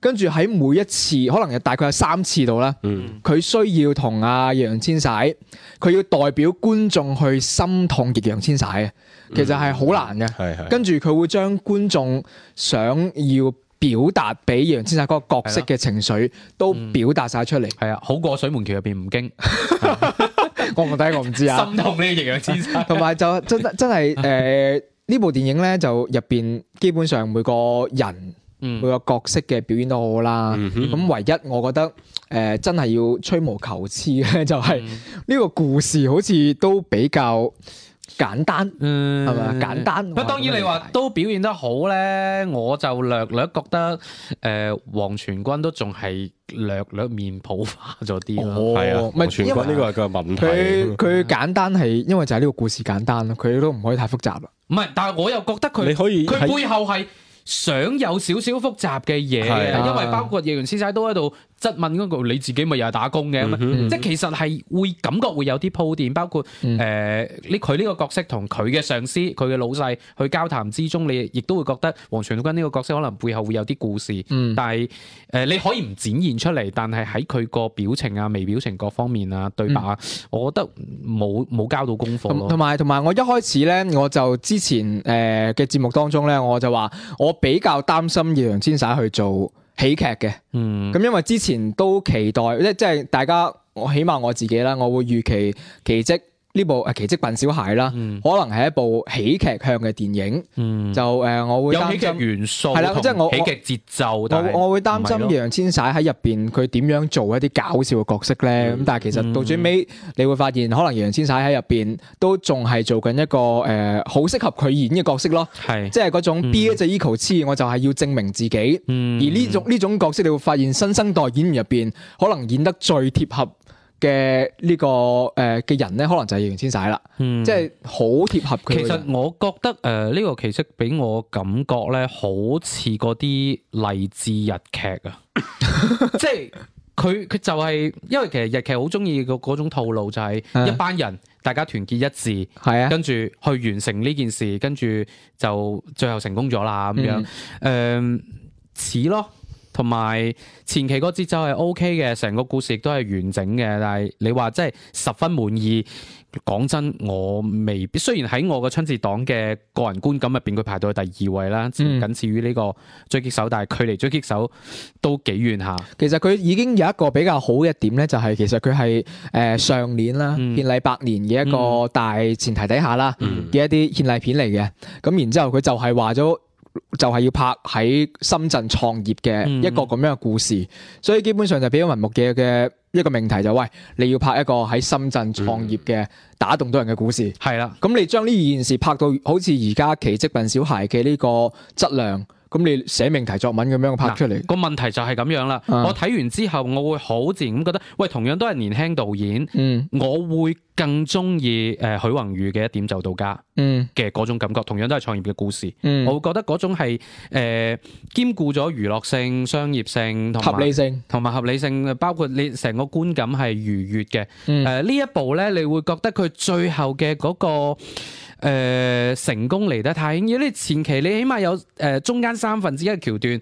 跟住喺每一次可能大概有三次度啦，佢需要同阿易烊千璽，佢要代表觀眾去心痛易烊千璽嘅，其實係好難嘅。跟住佢會將觀眾想要表達俾易烊千璽嗰個角色嘅情緒都表達晒出嚟。係啊，好過《水門橋》入邊吳京，我唔得，我唔知啊。心痛呢易烊千璽，同埋就真真係誒。呢部電影咧，就入邊基本上每個人、嗯、每個角色嘅表演都好啦。咁、嗯嗯、唯一我覺得誒、呃、真係要吹毛求疵嘅就係、是、呢個故事好似都比較簡單，係嘛、嗯？簡單。不、嗯、當然你話都表現得好咧，我就略略覺得誒、黃、呃、全軍都仲係略略面譜化咗啲咯。係、哦、啊，黃全君呢為個係佢嘅問題。佢佢簡單係因為就係呢個故事簡單，佢都唔可以太複雜啦。唔係，但係我又覺得佢佢背後係想有少少複雜嘅嘢，的因為包括葉元師仔都喺度。質問嗰個你自己咪又係打工嘅，mm hmm. 即係其實係會感覺會有啲鋪墊，包括誒你佢呢個角色同佢嘅上司、佢嘅老細去交談之中，你亦都會覺得王傳君呢個角色可能背後會有啲故事，mm hmm. 但係誒、呃、你可以唔展現出嚟，但係喺佢個表情啊、微表情各方面啊、mm hmm. 對白，我覺得冇冇交到功課咯同埋同埋，我一開始咧我就之前誒嘅、呃、節目當中咧，我就話我比較擔心易烊千璽去做。喜劇嘅，咁、嗯、因為之前都期待，即即係大家，我起碼我自己啦，我會預期奇蹟。呢部《奇蹟笨小孩》啦，可能係一部喜劇向嘅電影，就誒，我會擔心喜劇元素同喜劇節奏。我我會擔心易烊千璽喺入邊佢點樣做一啲搞笑嘅角色咧？咁但係其實到最尾，你會發現可能易烊千璽喺入邊都仲係做緊一個誒，好適合佢演嘅角色咯。係，即係嗰種 B A 就 Eco 痴，我就係要證明自己。而呢種呢種角色，你會發現新生代演員入邊，可能演得最貼合。嘅、這個呃、呢個誒嘅人咧，可能就係易烊千璽啦，嗯、即係好貼合佢。其實我覺得誒呢、呃這個奇蹟俾我感覺咧，好似嗰啲勵志日劇啊， 即係佢佢就係、是、因為其實日劇好中意個嗰種套路，就係一班人大家團結一致，係啊，跟住去完成呢件事，跟住就最後成功咗啦咁樣，誒、嗯呃、似咯。同埋前期個節奏係 O K 嘅，成個故事亦都係完整嘅。但係你話真係十分滿意，講真我未必。雖然喺我個春節檔嘅個人觀感入邊，佢排到去第二位啦，僅僅次於呢個狙擊手，但係距離狙擊手都幾遠嚇。嗯、其實佢已經有一個比較好嘅點咧，就係、是、其實佢係誒上年啦，獻禮百年嘅一個大前提底下啦嘅一啲獻禮片嚟嘅。咁然之後佢就係話咗。就係要拍喺深圳創業嘅一個咁樣嘅故事，嗯、所以基本上就俾咗文牧野嘅嘅一個命題就係、喂，你要拍一個喺深圳創業嘅打動到人嘅故事，係啦、嗯，咁你將呢件事拍到好似而家奇蹟笨小孩嘅呢個質量，咁你寫命題作文咁樣拍出嚟，嗯，那個問題就係咁樣啦。我睇完之後我會好自然咁覺得，喂，同樣都係年輕導演，嗯、我會。更中意誒許宏宇嘅一點就到家嘅嗰種感覺，同樣都係創業嘅故事。嗯、我會覺得嗰種係、呃、兼顧咗娛樂性、商業性同埋合理性，同埋合理性，包括你成個觀感係愉悅嘅。誒呢、嗯呃、一部呢，你會覺得佢最後嘅嗰、那個、呃、成功嚟得太輕易，你前期你起碼有誒、呃、中間三分之一嘅橋段，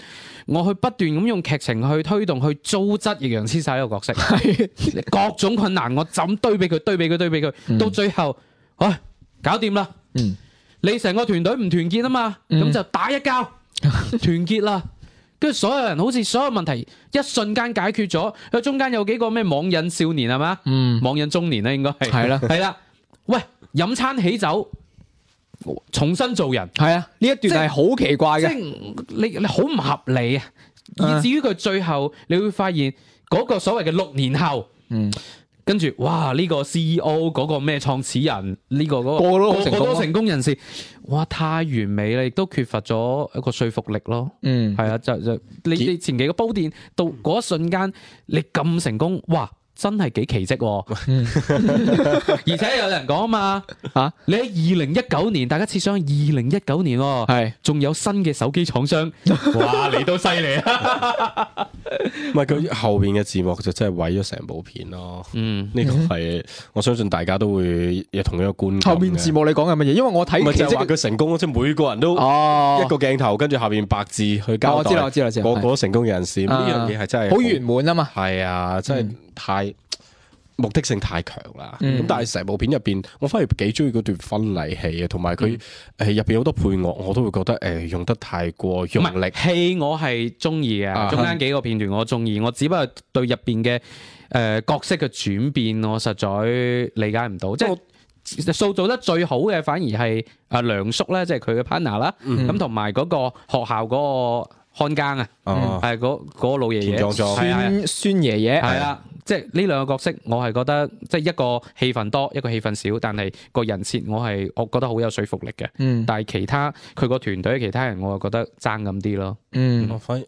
我去不斷咁用劇情去推動，去糟質易烊千璽一個角色，各種困難我就咁堆俾佢，堆俾佢。對他對他對他對比佢，到最後，喂、哎，搞掂啦！嗯、你成個團隊唔團結啊嘛，咁、嗯、就打一交，團結啦。跟住 所有人好似所有問題一瞬間解決咗。佢中間有幾個咩網癮少年係嘛？網癮、嗯、中年咧，應該係係啦，係啦。喂，飲餐喜酒，重新做人。係啊的，呢一段係好奇怪嘅、就是，你你好唔合理啊！以至於佢最後，你會發現嗰、那個所謂嘅六年後。嗯跟住，哇！呢、這個 CEO 嗰個咩創始人，呢、這個嗰、那個,個,個成功人士，哇！太完美啦，亦都缺乏咗一個說服力咯。嗯，係啊，就就你你前期嘅鋪墊到嗰一瞬間，你咁成功，哇！真係幾奇蹟，而且有人講啊嘛，吓，你喺二零一九年，大家設想二零一九年，係仲有新嘅手機廠商，哇，你都犀利啊！唔係佢後邊嘅字幕就真係毀咗成部片咯。嗯，呢個係我相信大家都會有同一個觀感。後邊字幕你講係乜嘢？因為我睇唔到，即係話佢成功，即係每個人都一個鏡頭，跟住後邊白字去交代，我知道，我知道，即係個個成功人士呢樣嘢係真係好圓滿啊嘛。係啊，真係。太目的性太強啦，咁但係成部片入邊，我反而幾中意嗰段婚禮戲嘅，同埋佢誒入邊好多配樂，我都會覺得誒、呃、用得太過用力。戲我係中意嘅，中間幾個片段我中意，啊、我只不過對入邊嘅誒角色嘅轉變，我實在理解唔到。我即係塑造得最好嘅，反而係阿梁叔咧，即、就、係、是、佢嘅 partner 啦、嗯，咁同埋嗰個學校嗰個看更啊，係嗰嗰個老爺爺，孫爺爺係啦。即係呢兩個角色，我係覺得即係一個戲份多，一個戲份少，但係個人設我係我覺得好有說服力嘅。嗯，但係其他佢個團隊其他人我，我係覺得爭咁啲咯。嗯，我反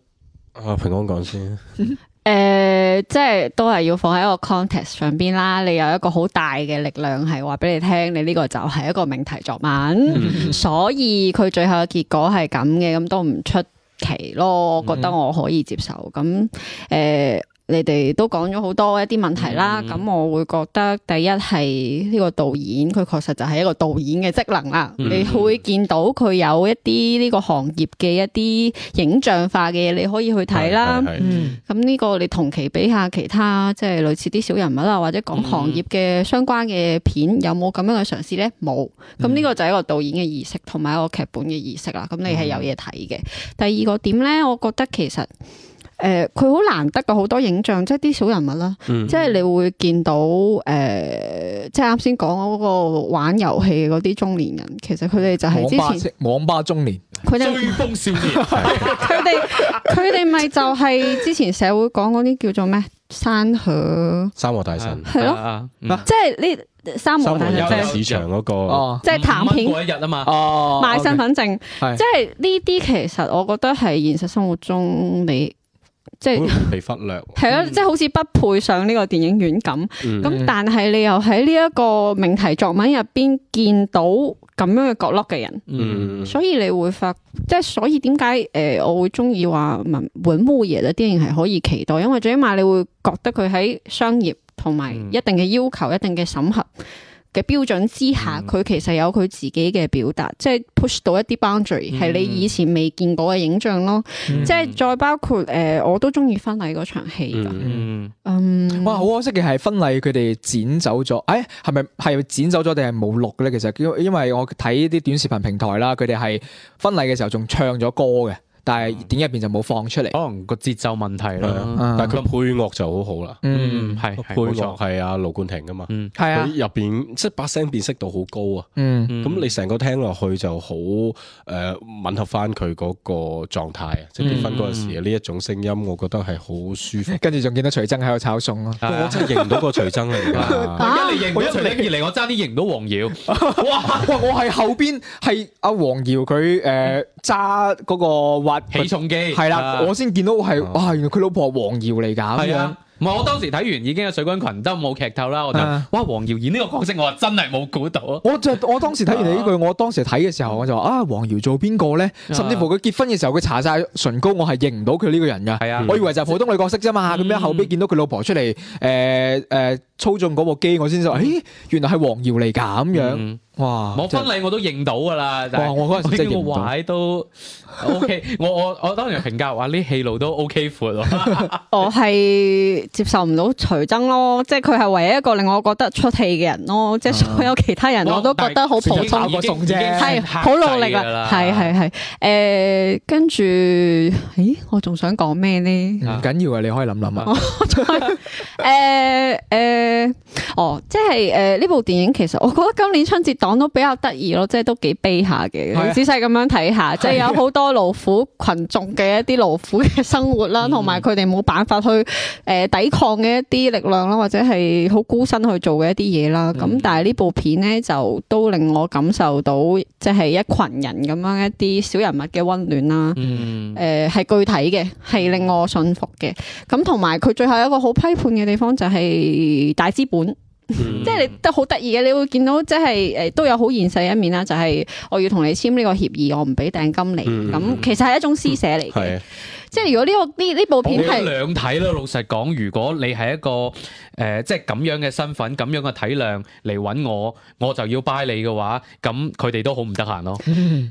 阿平安講先，誒、 呃，即係都係要放喺一個 contest 上邊啦。你有一個好大嘅力量係話俾你聽，你呢個就係一個命題作文，嗯、 所以佢最後嘅結果係咁嘅，咁都唔出奇咯。我覺得我可以接受。咁誒。呃你哋都講咗好多一啲問題啦，咁、嗯、我會覺得第一係呢個導演，佢確實就係一個導演嘅職能啦。嗯、你會見到佢有一啲呢個行業嘅一啲影像化嘅嘢，你可以去睇啦。咁呢、嗯嗯、個你同期比下其他，即、就、係、是、類似啲小人物啦，或者講行業嘅相關嘅片，嗯、有冇咁樣嘅嘗試呢？冇。咁呢個就係一個導演嘅意識同埋一個劇本嘅意識啦。咁你係有嘢睇嘅。嗯、第二個點呢，我覺得其實。誒佢好難得嘅好多影像，即係啲小人物啦，即係你會見到誒，即係啱先講嗰個玩遊戲嗰啲中年人，其實佢哋就係之前網吧中年，追風少年，佢哋佢哋咪就係之前社會講嗰啲叫做咩山河山河大神，係咯，即係呢三和大神市場嗰個，即係貪片，過一日啊嘛，賣身份證，即係呢啲其實我覺得係現實生活中你。即係被忽略，係咯，即係、就是、好似不配上呢個電影院咁。咁、嗯、但係你又喺呢一個命題作文入邊見到咁樣嘅角落嘅人，嗯、所以你會發，即、就、係、是、所以點解誒我會鍾意話文牧野咧？啲人係可以期待，因為最起碼你會覺得佢喺商業同埋一定嘅要求、嗯、一定嘅審核。嘅標準之下，佢其實有佢自己嘅表達，嗯、即係 push 到一啲 boundary，係、嗯、你以前未見過嘅影像咯。嗯、即係再包括誒、呃，我都中意婚禮嗰場戲噶、嗯。嗯，嗯哇！好可惜嘅係婚禮佢哋剪走咗，誒係咪係要剪走咗定係冇錄嘅咧？其實，因為我睇啲短視頻平台啦，佢哋係婚禮嘅時候仲唱咗歌嘅。但係點入邊就冇放出嚟，可能個節奏問題啦。但係佢配樂就好好啦。嗯，係配樂係阿盧冠廷噶嘛？係啊。入邊即係把聲辨識度好高啊。嗯嗯。咁你成個聽落去就好誒，吻合翻佢嗰個狀態啊！即係結婚嗰陣時呢一種聲音，我覺得係好舒服。跟住仲見到徐崢喺度炒餸咯。我真係認唔到個徐崢嚟噶。啊！我一嚟二嚟，我差啲認到黃瑤。哇！我係後邊係阿黃瑤佢誒揸嗰個起重機係啦，我先見到係、啊、哇，原來佢老婆黃瑤嚟噶，係啊，唔係我、啊、我當時睇完已經係水軍群都冇劇透啦，我哋，啊、哇，黃瑤演呢個角色我真係冇估到，我就我當時睇完你呢句，我當時睇嘅、啊、時、時候我就話啊，黃瑤做邊個咧？甚至乎佢結婚嘅時候，佢搽晒唇膏，我係認唔到佢呢個人噶，係啊，我以為就係普通女角色咋嘛，咁樣、嗯、後尾見到佢老婆出嚟，誒、呃、誒。呃呃操縱嗰部機，我先就誒，原來係黃瑤嚟噶咁樣，哇！冇婚禮我都認到噶啦，哇！我嗰日即係我話喺都，O K，我我我當然評價話啲戲路都 O K 闊，我係接受唔到徐崢咯，即係佢係唯一一個令我覺得出戲嘅人咯，即係所有其他人我都覺得好普通，個送啫，係好努力噶啦，係係係，誒，跟住誒，我仲想講咩呢？唔緊要啊，你可以諗諗啊，誒誒。哦，即係誒，呢、呃、部電影其實我覺得今年春節檔都比較得意咯，即係都幾悲下嘅。是的 仔細咁樣睇下，即是的 就有好多勞苦群眾嘅一啲勞苦嘅生活啦，同埋佢哋冇辦法去誒、呃、抵抗嘅一啲力量啦，或者係好孤身去做嘅一啲嘢啦。咁、嗯、但係呢部片呢，就都令我感受到，即係一群人咁樣一啲小人物嘅溫暖啦。誒、嗯呃，係具體嘅，係令我信服嘅。咁同埋佢最後一個好批判嘅地方就係、是。大資本，即係你都好得意嘅，你會見到即係誒都有好現實一面啦，就係、是、我要同你簽呢個協議，我唔俾訂金你，咁、嗯、其實係一種施捨嚟嘅，嗯、即係如果呢、這個呢呢部片係兩睇啦，老實講，如果你係一個。誒、呃，即係咁樣嘅身份，咁樣嘅體諒嚟搵我，我就要拜你嘅話，咁佢哋都好唔得閒咯。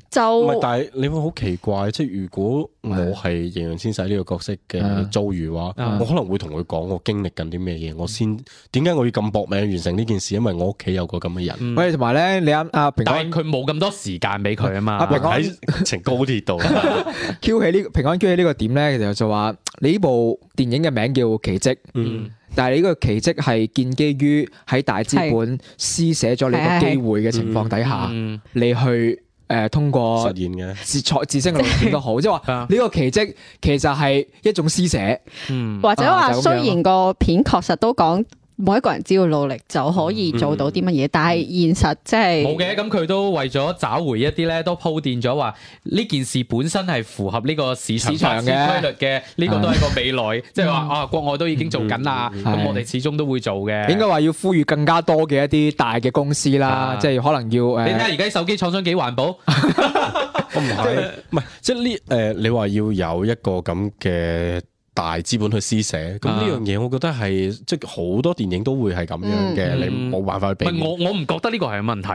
就但係你會好奇怪，即係如果我係易烊千璽呢個角色嘅遭遇話，的我可能會同佢講我經歷緊啲咩嘢，的我先點解我要咁搏命完成呢件事，因為我屋企有個咁嘅人。喂、嗯，同埋咧，你阿阿平佢冇咁多時間俾佢啊嘛。喺情、啊、高鐵度，Q 起呢平安 Q 起呢個點咧，其實就話你呢部電影嘅名叫奇蹟。嗯。但係你呢個奇蹟係建基於喺大資本施捨咗你個機會嘅情況底下， 嗯嗯、你去誒、呃、通過實現嘅自才自升嘅路線都好，即係話呢個奇蹟其實係一種施捨，或者話雖然個片確實都講。每一個人只要努力就可以做到啲乜嘢，mm, mm, 但係現實即係冇嘅。咁佢都為咗找回一啲咧，都鋪墊咗話呢件事本身係符合呢個市場市場嘅規律嘅。呢、呢個都係一個未來，即係話啊，國外都已經做緊啦，咁、mm hmm. 我哋始終都會做嘅。應該話要呼籲更加多嘅一啲大嘅公司啦，即、就、係、是、可能要誒、嗯。你睇而家手機廠商幾環保？ 我唔係是，唔係即係呢？誒、就是呃，你話要有一個咁嘅。大資本去施捨，咁呢樣嘢我覺得係即係好多電影都會係咁樣嘅，嗯嗯、你冇辦法去避免。唔係我我唔覺得呢個係問題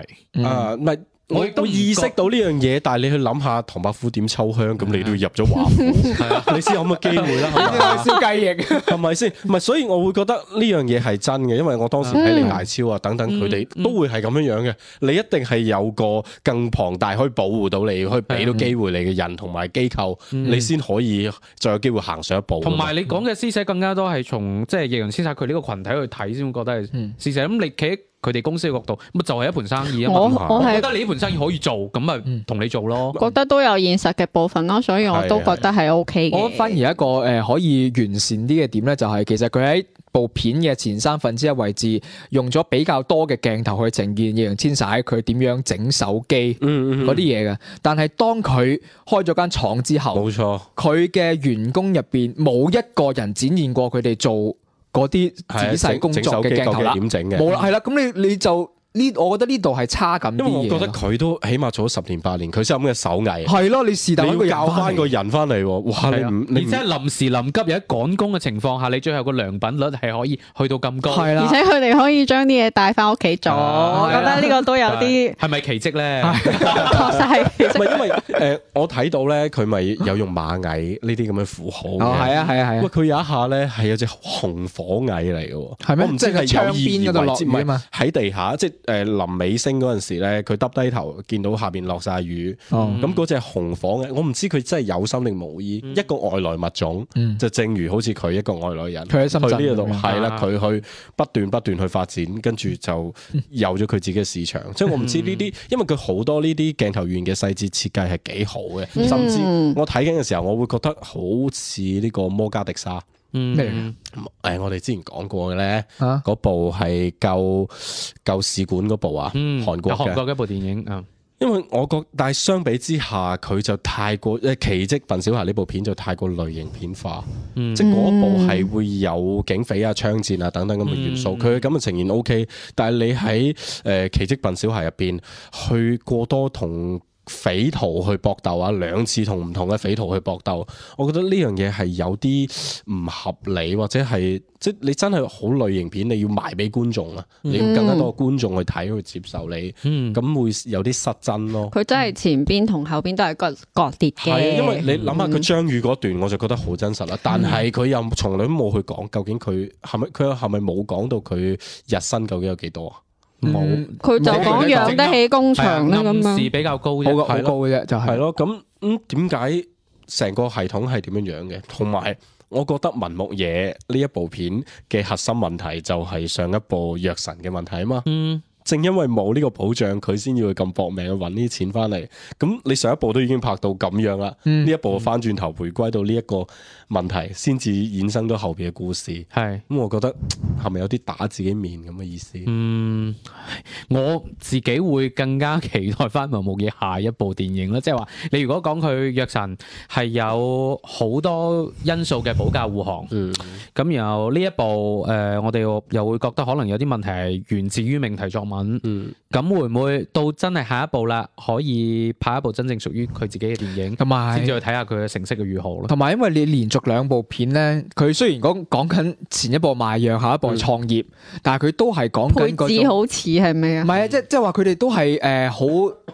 啊，但係、嗯。呃我亦都意識到呢樣嘢，但係你去諗下唐伯虎點秋香，咁你都要入咗華府，係啊，你先有咁嘅機會啦，小雞翼係咪先？唔係，所以我會覺得呢樣嘢係真嘅，因為我當時睇李大超啊等等，佢哋都會係咁樣樣嘅。你一定係有個更龐大可以保護到你，可以俾到機會你嘅人同埋機構，你先可以再有機會行上一步。同埋你講嘅施捨更加多係從即係易餘施捨佢呢個群體去睇先，覺得係施捨咁。你企佢哋公司嘅角度，咪就係、是、一盤生意啊！我我係覺得你呢盤生意可以做，咁咪同你做咯。覺得都有現實嘅部分咯，所以我都覺得係 O K 嘅。的我反而一個誒可以完善啲嘅點咧、就是，就係其實佢喺部片嘅前三分之一位置，用咗比較多嘅鏡頭去呈現易烊千璽。佢點樣整手機嗰啲嘢嘅。但係當佢開咗間廠之後，冇錯，佢嘅員工入邊冇一個人展現過佢哋做嗰啲仔細工作嘅鏡頭啦，冇啦，係啦、嗯，咁你你就。呢，我覺得呢度係差緊，因為我覺得佢都起碼做咗十年八年，佢先有咁嘅手藝。係咯，你是但教翻個人翻嚟，哇！而且臨時臨急又喺趕工嘅情況下，你最後個良品率係可以去到咁高，而且佢哋可以將啲嘢帶翻屋企做，我覺得呢個都有啲係咪奇蹟咧？確實係奇蹟。唔係因為誒，我睇到咧，佢咪有用螞蟻呢啲咁嘅符號。哦，係啊，係啊，係啊。喂，佢有一下咧，係有隻紅火蟻嚟嘅，係咪？即係窗邊嗰個落嘅嘛？喺地下即。誒，臨尾聲嗰陣時咧，佢耷低頭見到下邊落晒雨，咁嗰隻紅房嘅我唔知佢真係有心定無意，嗯、一個外來物種、嗯、就正如好似佢一個外來人，佢喺深圳呢度，係啦，佢去、啊、不斷不斷去發展，跟住就有咗佢自己嘅市場。嗯、即係我唔知呢啲，因為佢好多呢啲鏡頭員嘅細節設計係幾好嘅，甚至我睇緊嘅時候，我會覺得好似呢個摩加迪沙。咩？誒、嗯麼哎，我哋之前講過嘅咧，嗰部係舊舊使館嗰部啊，韓、嗯、國嘅。有韓國嘅一部電影啊，嗯、因為我覺得，但係相比之下，佢就太過誒，《奇蹟笨小孩》呢部片就太過類型片化，嗯、即係嗰部係會有警匪啊、槍戰啊等等咁嘅元素，佢咁嘅呈現 O、OK, K，但係你喺誒、呃《奇蹟笨小孩》入邊去過多同。匪徒去搏鬥啊，兩次同唔同嘅匪徒去搏鬥，我覺得呢樣嘢係有啲唔合理，或者係即係你真係好類型片，你要賣俾觀眾啊，你、嗯、要更加多觀眾去睇去接受你，咁、嗯、會有啲失真咯。佢真係前邊同後邊都係割、嗯、割裂嘅。係，因為你諗下佢章魚嗰段，我就覺得好真實啦。但係佢又從嚟都冇去講，究竟佢係咪佢係咪冇講到佢日薪究竟有幾多啊？冇，佢、嗯、就講養得起工廠啦咁嘛，是比較高嘅，好的高嘅啫，的就係係咯，咁咁點解成個系統係點樣樣嘅？同埋、嗯，我覺得《文牧野》呢一部片嘅核心問題就係上一部《藥神》嘅問題啊嘛。嗯。正因為冇呢個保障，佢先至會咁搏命揾啲錢翻嚟。咁你上一部都已經拍到咁樣啦，呢、嗯、一部翻轉頭回歸到呢一個問題，先至、嗯、衍生到後邊嘅故事。係咁是，我覺得係咪有啲打自己面咁嘅意思？嗯，我自己會更加期待翻毛毛嘅下一部電影啦。即係話，你如果講佢《藥神》係有好多因素嘅保駕護航，嗯，咁然後呢一部誒、呃，我哋又會覺得可能有啲問題係源自於命題作文。嗯，咁會唔會到真係下一步啦？可以拍一部真正屬於佢自己嘅電影，同埋先至去睇下佢嘅成績嘅如何咯。同埋，因為你連續兩部片咧，佢雖然講講緊前一部賣藥，下一部創業，嗯、但係佢都係講緊嗰種好似係咩？啊？唔係啊，即係即係話佢哋都係誒好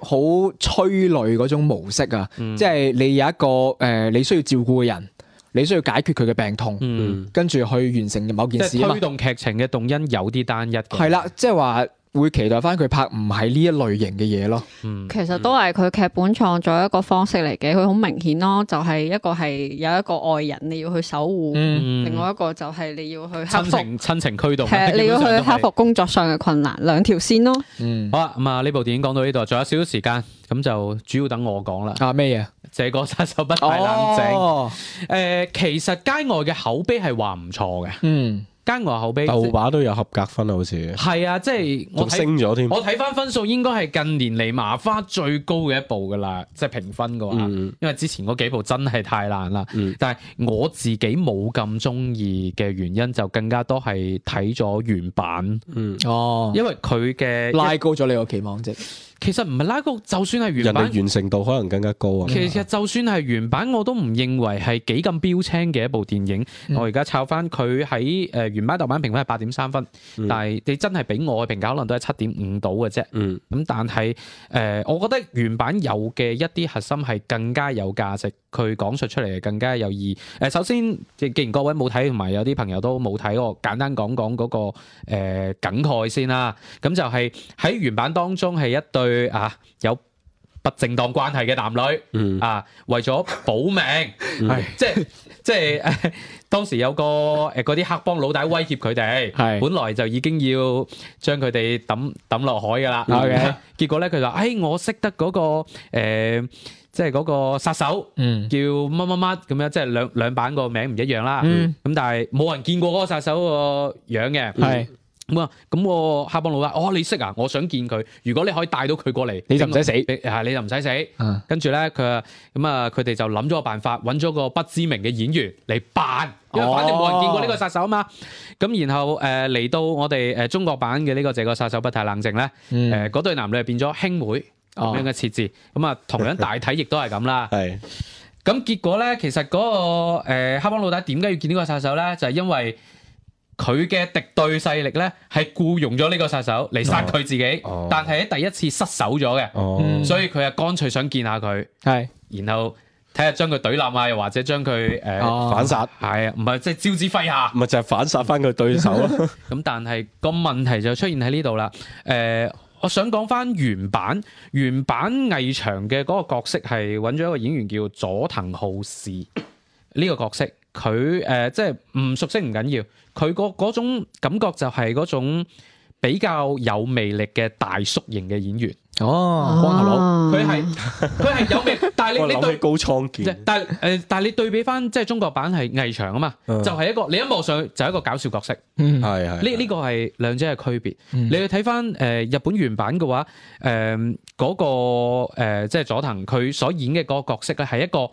好催淚嗰種模式啊！即係你有一個誒，uh, 你需要照顧嘅人，你需要解決佢嘅病痛，嗯，跟住去完成某件事啊嘛。嗯嗯、推動劇情嘅動因有啲單一嘅，係啦、嗯，即係話。t ot 絲 會期待翻佢拍唔係呢一類型嘅嘢咯，嗯、其實都係佢劇本創作一個方式嚟嘅。佢好明顯咯，就係、是、一個係有一個愛人你要去守護，嗯、另外一個就係你要去克服親情驅動，你要去克服工作上嘅困難，兩條線咯。嗯、好啦，咁啊呢部電影講到呢度，仲有少少時間，咁就主要等我講啦。啊咩嘢？這個殺手不太冷靜。誒、哦呃，其實街外嘅口碑係話唔錯嘅。嗯。奸我後背，豆瓣即都有合格分啊，好似。係啊，即係我升咗添。我睇翻分數，應該係近年嚟麻花最高嘅一部㗎啦，即係評分㗎。嗯，因為之前嗰幾部真係太爛啦。嗯，但係我自己冇咁中意嘅原因，就更加多係睇咗原版。嗯。哦。因為佢嘅拉高咗你個期望值。其實唔係拉個，就算係原版完成度可能更加高啊。嗯、其實就算係原版，我都唔認為係幾咁標青嘅一部電影。我而家抄翻佢喺誒原版豆瓣評分係八點三分，但係你真係俾我嘅評價可能都係七點五度嘅啫。咁但係誒、呃，我覺得原版有嘅一啲核心係更加有價值。佢講述出嚟更加有意。誒，首先，既既然各位冇睇，同埋有啲朋友都冇睇，我簡單講講嗰個誒梗概先啦。咁就係喺原版當中，係一對啊有不正當關係嘅男女。嗯啊，為咗保命，係即係即係誒當時有個誒嗰啲黑幫老大威脅佢哋，係本來就已經要將佢哋抌抌落海噶啦。OK，結果咧佢就話誒我識得嗰個誒。即係嗰個殺手，叫乜乜乜咁樣，即係兩兩版個名唔一樣啦。咁但係冇人見過嗰個殺手個樣嘅。咁啊是，咁個黑幫老大啦，哦，你識啊？我想見佢，如果你可以帶到佢過嚟，你就唔使死。你就唔使死。嗯、跟住咧，佢咁啊，佢哋就諗咗個辦法，揾咗個不知名嘅演員嚟扮，因為反正冇人見過呢個殺手啊嘛。咁、哦、然後誒嚟、呃、到我哋誒中國版嘅呢、這個《這個殺手不太冷靜》咧、嗯，誒嗰、呃、對男女係變咗兄妹。咁樣嘅設置，咁啊，同樣大體亦都係咁啦。係 是，咁結果咧，其實嗰個誒黑幫老大點解要見個殺呢個殺手咧？就係、是、因為佢嘅敵對勢力咧係僱傭咗呢個殺手嚟殺佢自己， 但係喺第一次失手咗嘅， 所以佢啊乾脆想見下佢，係 是，然後睇下將佢懟冧、呃、 殺啊，又或者將佢誒反殺，係啊，唔係即係招之揮下，唔係就係反殺翻佢對手咯。咁但係個問題就出現喺呢度啦，誒、呃。我想講返原版，原版藝場嘅嗰個角色係揾咗一個演員叫佐藤浩市，呢個角色，佢誒、呃、即係唔熟悉唔緊要，佢、嗰個嗰種感覺就係嗰種比較有魅力嘅大叔型嘅演員。哦，光頭佬，佢係佢係有咩？但係你你對高倉健，但係誒，但係你對比翻即係中國版係魏翔啊嘛，嗯、就係一個你一幕上去就係一個搞笑角色，係係呢呢個係兩者嘅區別。嗯、你去睇翻誒日本原版嘅話，誒、呃、嗰、那個誒、呃、即係佐藤佢所演嘅嗰個角色咧，係一個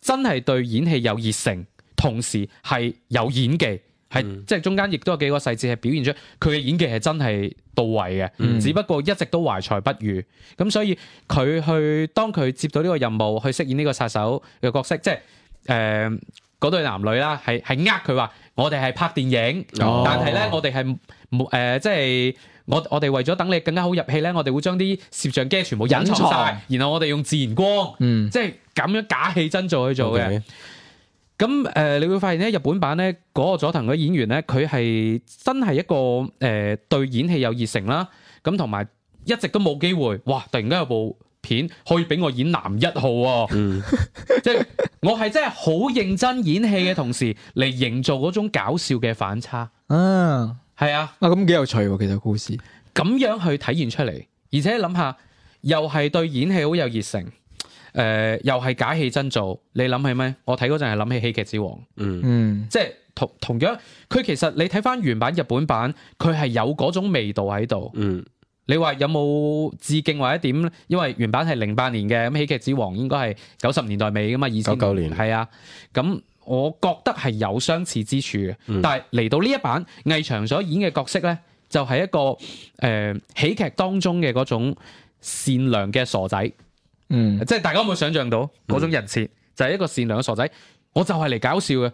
真係對演戲有熱誠，同時係有演技。係即係中間亦都有幾個細節係表現出佢嘅演技係真係到位嘅，只不過一直都懷才不遇，咁、嗯、所以佢去當佢接到呢個任務去飾演呢個殺手嘅角色，即係誒嗰對男女啦，係係呃佢話我哋係拍電影，哦、但係咧我哋係誒即係我我哋為咗等你更加好入戲咧，我哋會將啲攝像機全部隱藏晒、嗯，然後我哋用自然光，嗯、即係咁樣假戲真做去做嘅。嗯咁誒，你會發現咧，日本版咧，嗰個佐藤嘅演員咧，佢係真係一個誒，對演戲有熱誠啦。咁同埋一直都冇機會，哇！突然間有部片可以俾我演男一號啊！嗯、 即係我係真係好認真演戲嘅同時，嚟營造嗰種搞笑嘅反差。嗯，係啊。啊，咁幾有趣喎！其實故事咁樣去體現出嚟，而且諗下又係對演戲好有熱誠。誒、呃、又係假戲真做，你諗起咩？我睇嗰陣係諗起《喜劇之王》，嗯嗯，即係同同樣，佢其實你睇返原版日本版，佢係有嗰種味道喺度，嗯。你話有冇致敬或者點咧？因為原版係零八年嘅，咁《喜劇之王》應該係九十年代尾㗎嘛，二九九年，係啊。咁我覺得係有相似之處嘅，但係嚟到呢一版魏翔所演嘅角色咧，就係、是、一個誒、呃、喜劇當中嘅嗰種善良嘅傻仔。嗯，即係大家有冇想象到嗰種人設、嗯？就係一個善良嘅傻仔，我就係嚟搞笑嘅。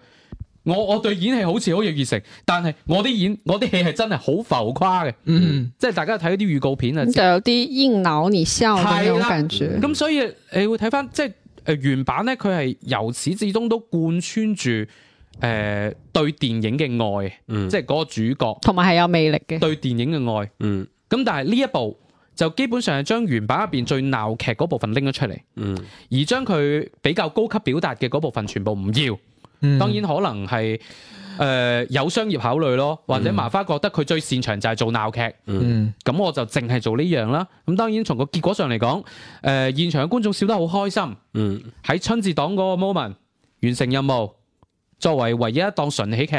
我我對演戲好似好有熱誠，但係我啲演、嗯、我啲戲係真係好浮誇嘅。嗯，即係大家睇啲預告片啊，就有啲硬腦你笑嘅種感覺、嗯。咁所以、嗯、所以你會睇翻，即係誒原版咧，佢係由始至終都貫穿住誒、呃、對電影嘅愛。嗯、即係嗰個主角，同埋係有魅力嘅對電影嘅愛。嗯，咁、嗯、但係呢一部。就基本上係將原版入邊最鬧劇嗰部分拎咗出嚟，嗯、而將佢比較高級表達嘅嗰部分全部唔要。嗯、當然可能係誒、呃、有商業考慮咯，或者麻花覺得佢最擅長就係做鬧劇，咁、嗯、我就淨係做呢樣啦。咁當然從個結果上嚟講，誒、呃、現場嘅觀眾笑得好開心。喺、嗯、春節檔嗰個 moment 完成任務，作為唯一一檔純喜劇，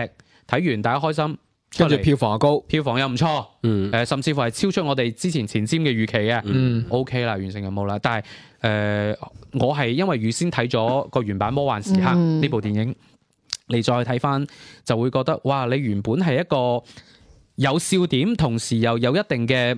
睇完大家開心。跟住票房又高，票房又唔錯，誒、嗯呃，甚至乎係超出我哋之前前瞻嘅預期嘅、嗯、，OK 啦，完成任務啦。但係，誒、呃，我係因為預先睇咗個原版《魔幻時刻》呢、嗯、部電影，你再睇翻，就會覺得哇，你原本係一個有笑點，同時又有一定嘅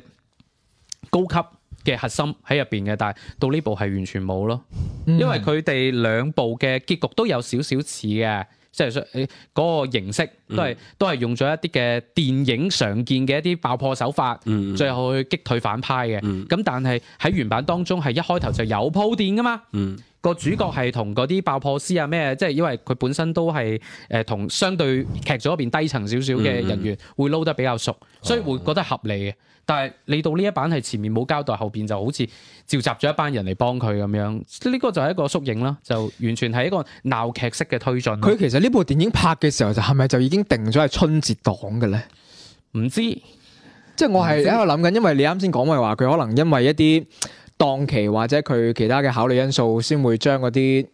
高級嘅核心喺入邊嘅，但係到呢部係完全冇咯，因為佢哋兩部嘅結局都有少少似嘅。即係誒嗰個形式，都係都係用咗一啲嘅電影常見嘅一啲爆破手法，嗯嗯，最後去擊退反派嘅。咁、嗯、但係喺原版當中係一開頭就有鋪墊噶嘛。個、嗯、主角係同嗰啲爆破師啊咩，即係因為佢本身都係誒同相對劇組入邊低層少少嘅人員會撈得比較熟，嗯嗯，所以會覺得合理嘅。但係你到呢一版係前面冇交代，後邊就好似召集咗一班人嚟幫佢咁樣，呢個就係一個縮影啦，就完全係一個鬧劇式嘅推進。佢其實呢部電影拍嘅時候，就係咪就已經定咗係春節檔嘅咧？唔知，即係我係喺度諗緊，因為你啱先講嘅話佢可能因為一啲檔期或者佢其他嘅考慮因素，先會將嗰啲。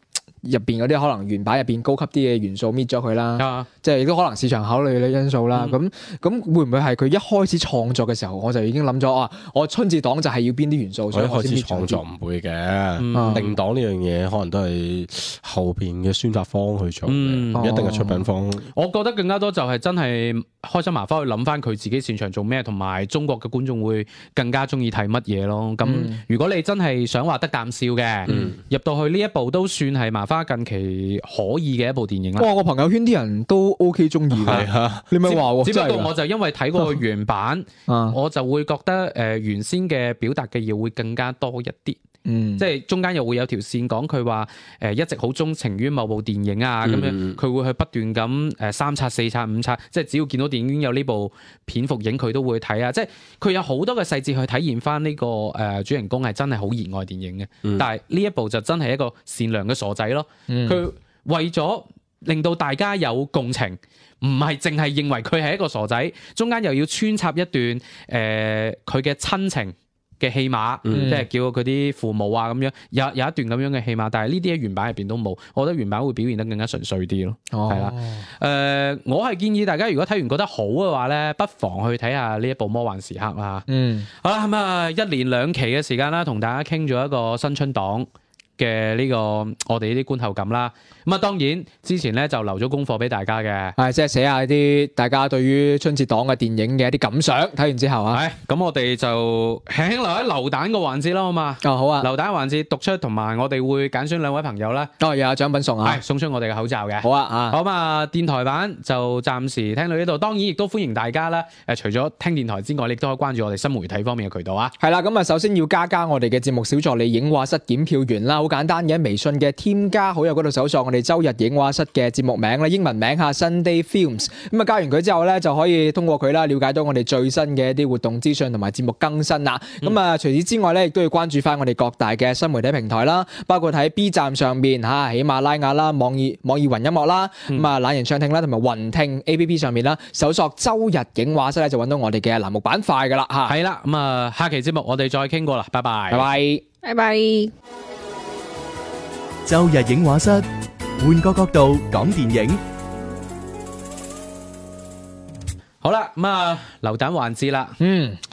入邊嗰啲可能原版入邊高級啲嘅元素搣咗佢啦，啊、即係亦都可能市場考慮嘅因素啦。咁咁、嗯、會唔會係佢一開始創作嘅時候，我就已經諗咗啊？我春節檔就係要邊啲元素？所以開始創作唔會嘅、嗯嗯、定檔呢樣嘢，可能都係後邊嘅宣發方去做，嗯、一定係出品方、哦。我覺得更加多就係真係開心麻花去諗翻佢自己擅長做咩，同埋中國嘅觀眾會更加中意睇乜嘢咯。咁、嗯、如果你真係想話得啖笑嘅，嗯、入到去呢一步都算係麻花。家近期可以嘅一部電影啦，不過我朋友圈啲人都 OK 中意，你吓、啊，你咪話只不過我就因為睇過原版， 我就會覺得誒、呃，原先嘅表達嘅嘢會更加多一啲。嗯，即係中間又會有條線講佢話，誒一直好鍾情於某部電影啊，咁、嗯、樣佢會去不斷咁誒、呃、三刷四刷五刷，即係只要見到電影院有呢部片復映，佢都會睇啊。即係佢有好多嘅細節去體現翻呢個誒、呃、主人公係真係好熱愛電影嘅。嗯、但係呢一部就真係一個善良嘅傻仔咯。佢、嗯、為咗令到大家有共情，唔係淨係認為佢係一個傻仔，中間又要穿插一段誒佢嘅親情。嘅戲碼，嗯、即係叫佢啲父母啊咁樣，有有一段咁樣嘅戲碼，但係呢啲喺原版入邊都冇，我覺得原版會表現得更加純粹啲咯，係啦、哦，誒、呃，我係建議大家如果睇完覺得好嘅話咧，不妨去睇下呢一部《魔幻時刻》啊，嗯，好啦，咁啊，一年兩期嘅時間啦，同大家傾咗一個新春檔嘅呢個我哋呢啲觀後感啦。咁啊，當然之前咧就留咗功課俾大家嘅，係即係寫下啲大家對於春節檔嘅電影嘅一啲感想。睇完之後啊，咁、哎、我哋就輕輕留喺留彈個環節啦，好嘛？哦，好啊，流彈環節讀出同埋我哋會揀選兩位朋友咧。哦，有、啊、獎品送啊！哎、送出我哋嘅口罩嘅。好啊，啊，好嘛、啊，電台版就暫時聽到呢度。當然亦都歡迎大家啦。誒，除咗聽電台之外，你亦都可以關注我哋新媒體方面嘅渠道啊。係啦，咁啊，首先要加加我哋嘅節目小助理影畫室檢票員啦。好簡單嘅，喺微信嘅添加好友嗰度搜索。我哋周日映畫室嘅節目名咧，英文名吓 Sunday Films。咁啊，加完佢之後咧，就可以通過佢啦，了解到我哋最新嘅一啲活動資訊同埋節目更新啊。咁啊，除此之外咧，亦都要關注翻我哋各大嘅新媒體平台啦，包括喺 B 站上面吓、喜馬拉雅啦、網易網易雲音樂啦、咁啊懶人暢聽啦同埋雲聽 APP 上面啦，搜索周日映畫室咧，就揾到我哋嘅欄目板塊噶啦吓。係啦，咁啊，下期節目我哋再傾過啦，拜拜，拜拜，拜拜。周日映畫室。換個角度講電影，好啦，咁 啊，流蛋環節啦，嗯。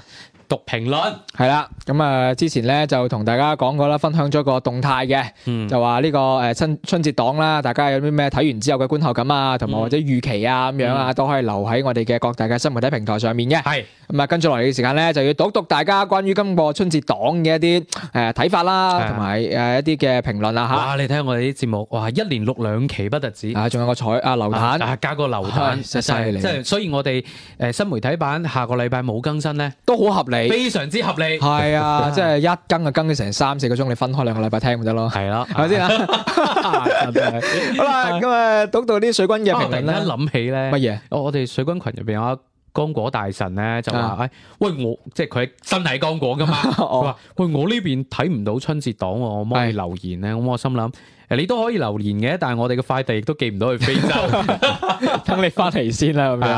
讀評論係啦，咁啊之前咧就同大家講過啦，分享咗個動態嘅，就話呢個誒春春節檔啦，大家有啲咩睇完之後嘅觀後感啊，同埋或者預期啊咁樣啊，都可以留喺我哋嘅各大嘅新媒體平台上面嘅。係咁啊，跟住落嚟嘅時間咧，就要讀讀大家關於今個春節檔嘅一啲誒睇法啦，同埋誒一啲嘅評論啊吓。哇！你睇下我哋啲節目，哇，一連錄兩期不特止。啊，仲有個彩啊，流彈啊，加個流彈，犀犀利。即係所以我哋誒新媒體版下個禮拜冇更新咧，都好合理。非常之合理，係 啊，即係一更就更咗成三四個鐘，你分開兩個禮拜聽咪得咯，係啦吧，係咪先？ 好啦，咁啊，到到啲水軍嘅評論，突然間諗起咧乜嘢？哦，我哋水軍群入邊有一剛果大神咧，就話：，哎，喂我，即係佢身體剛果噶嘛？話 我 喂我呢邊睇唔到春節檔，我唔可以留言咧。咁是、啊、我心諗。誒，你都可以留言嘅，但係我哋嘅快遞亦都寄唔到去非洲，等你翻嚟先啦咁樣。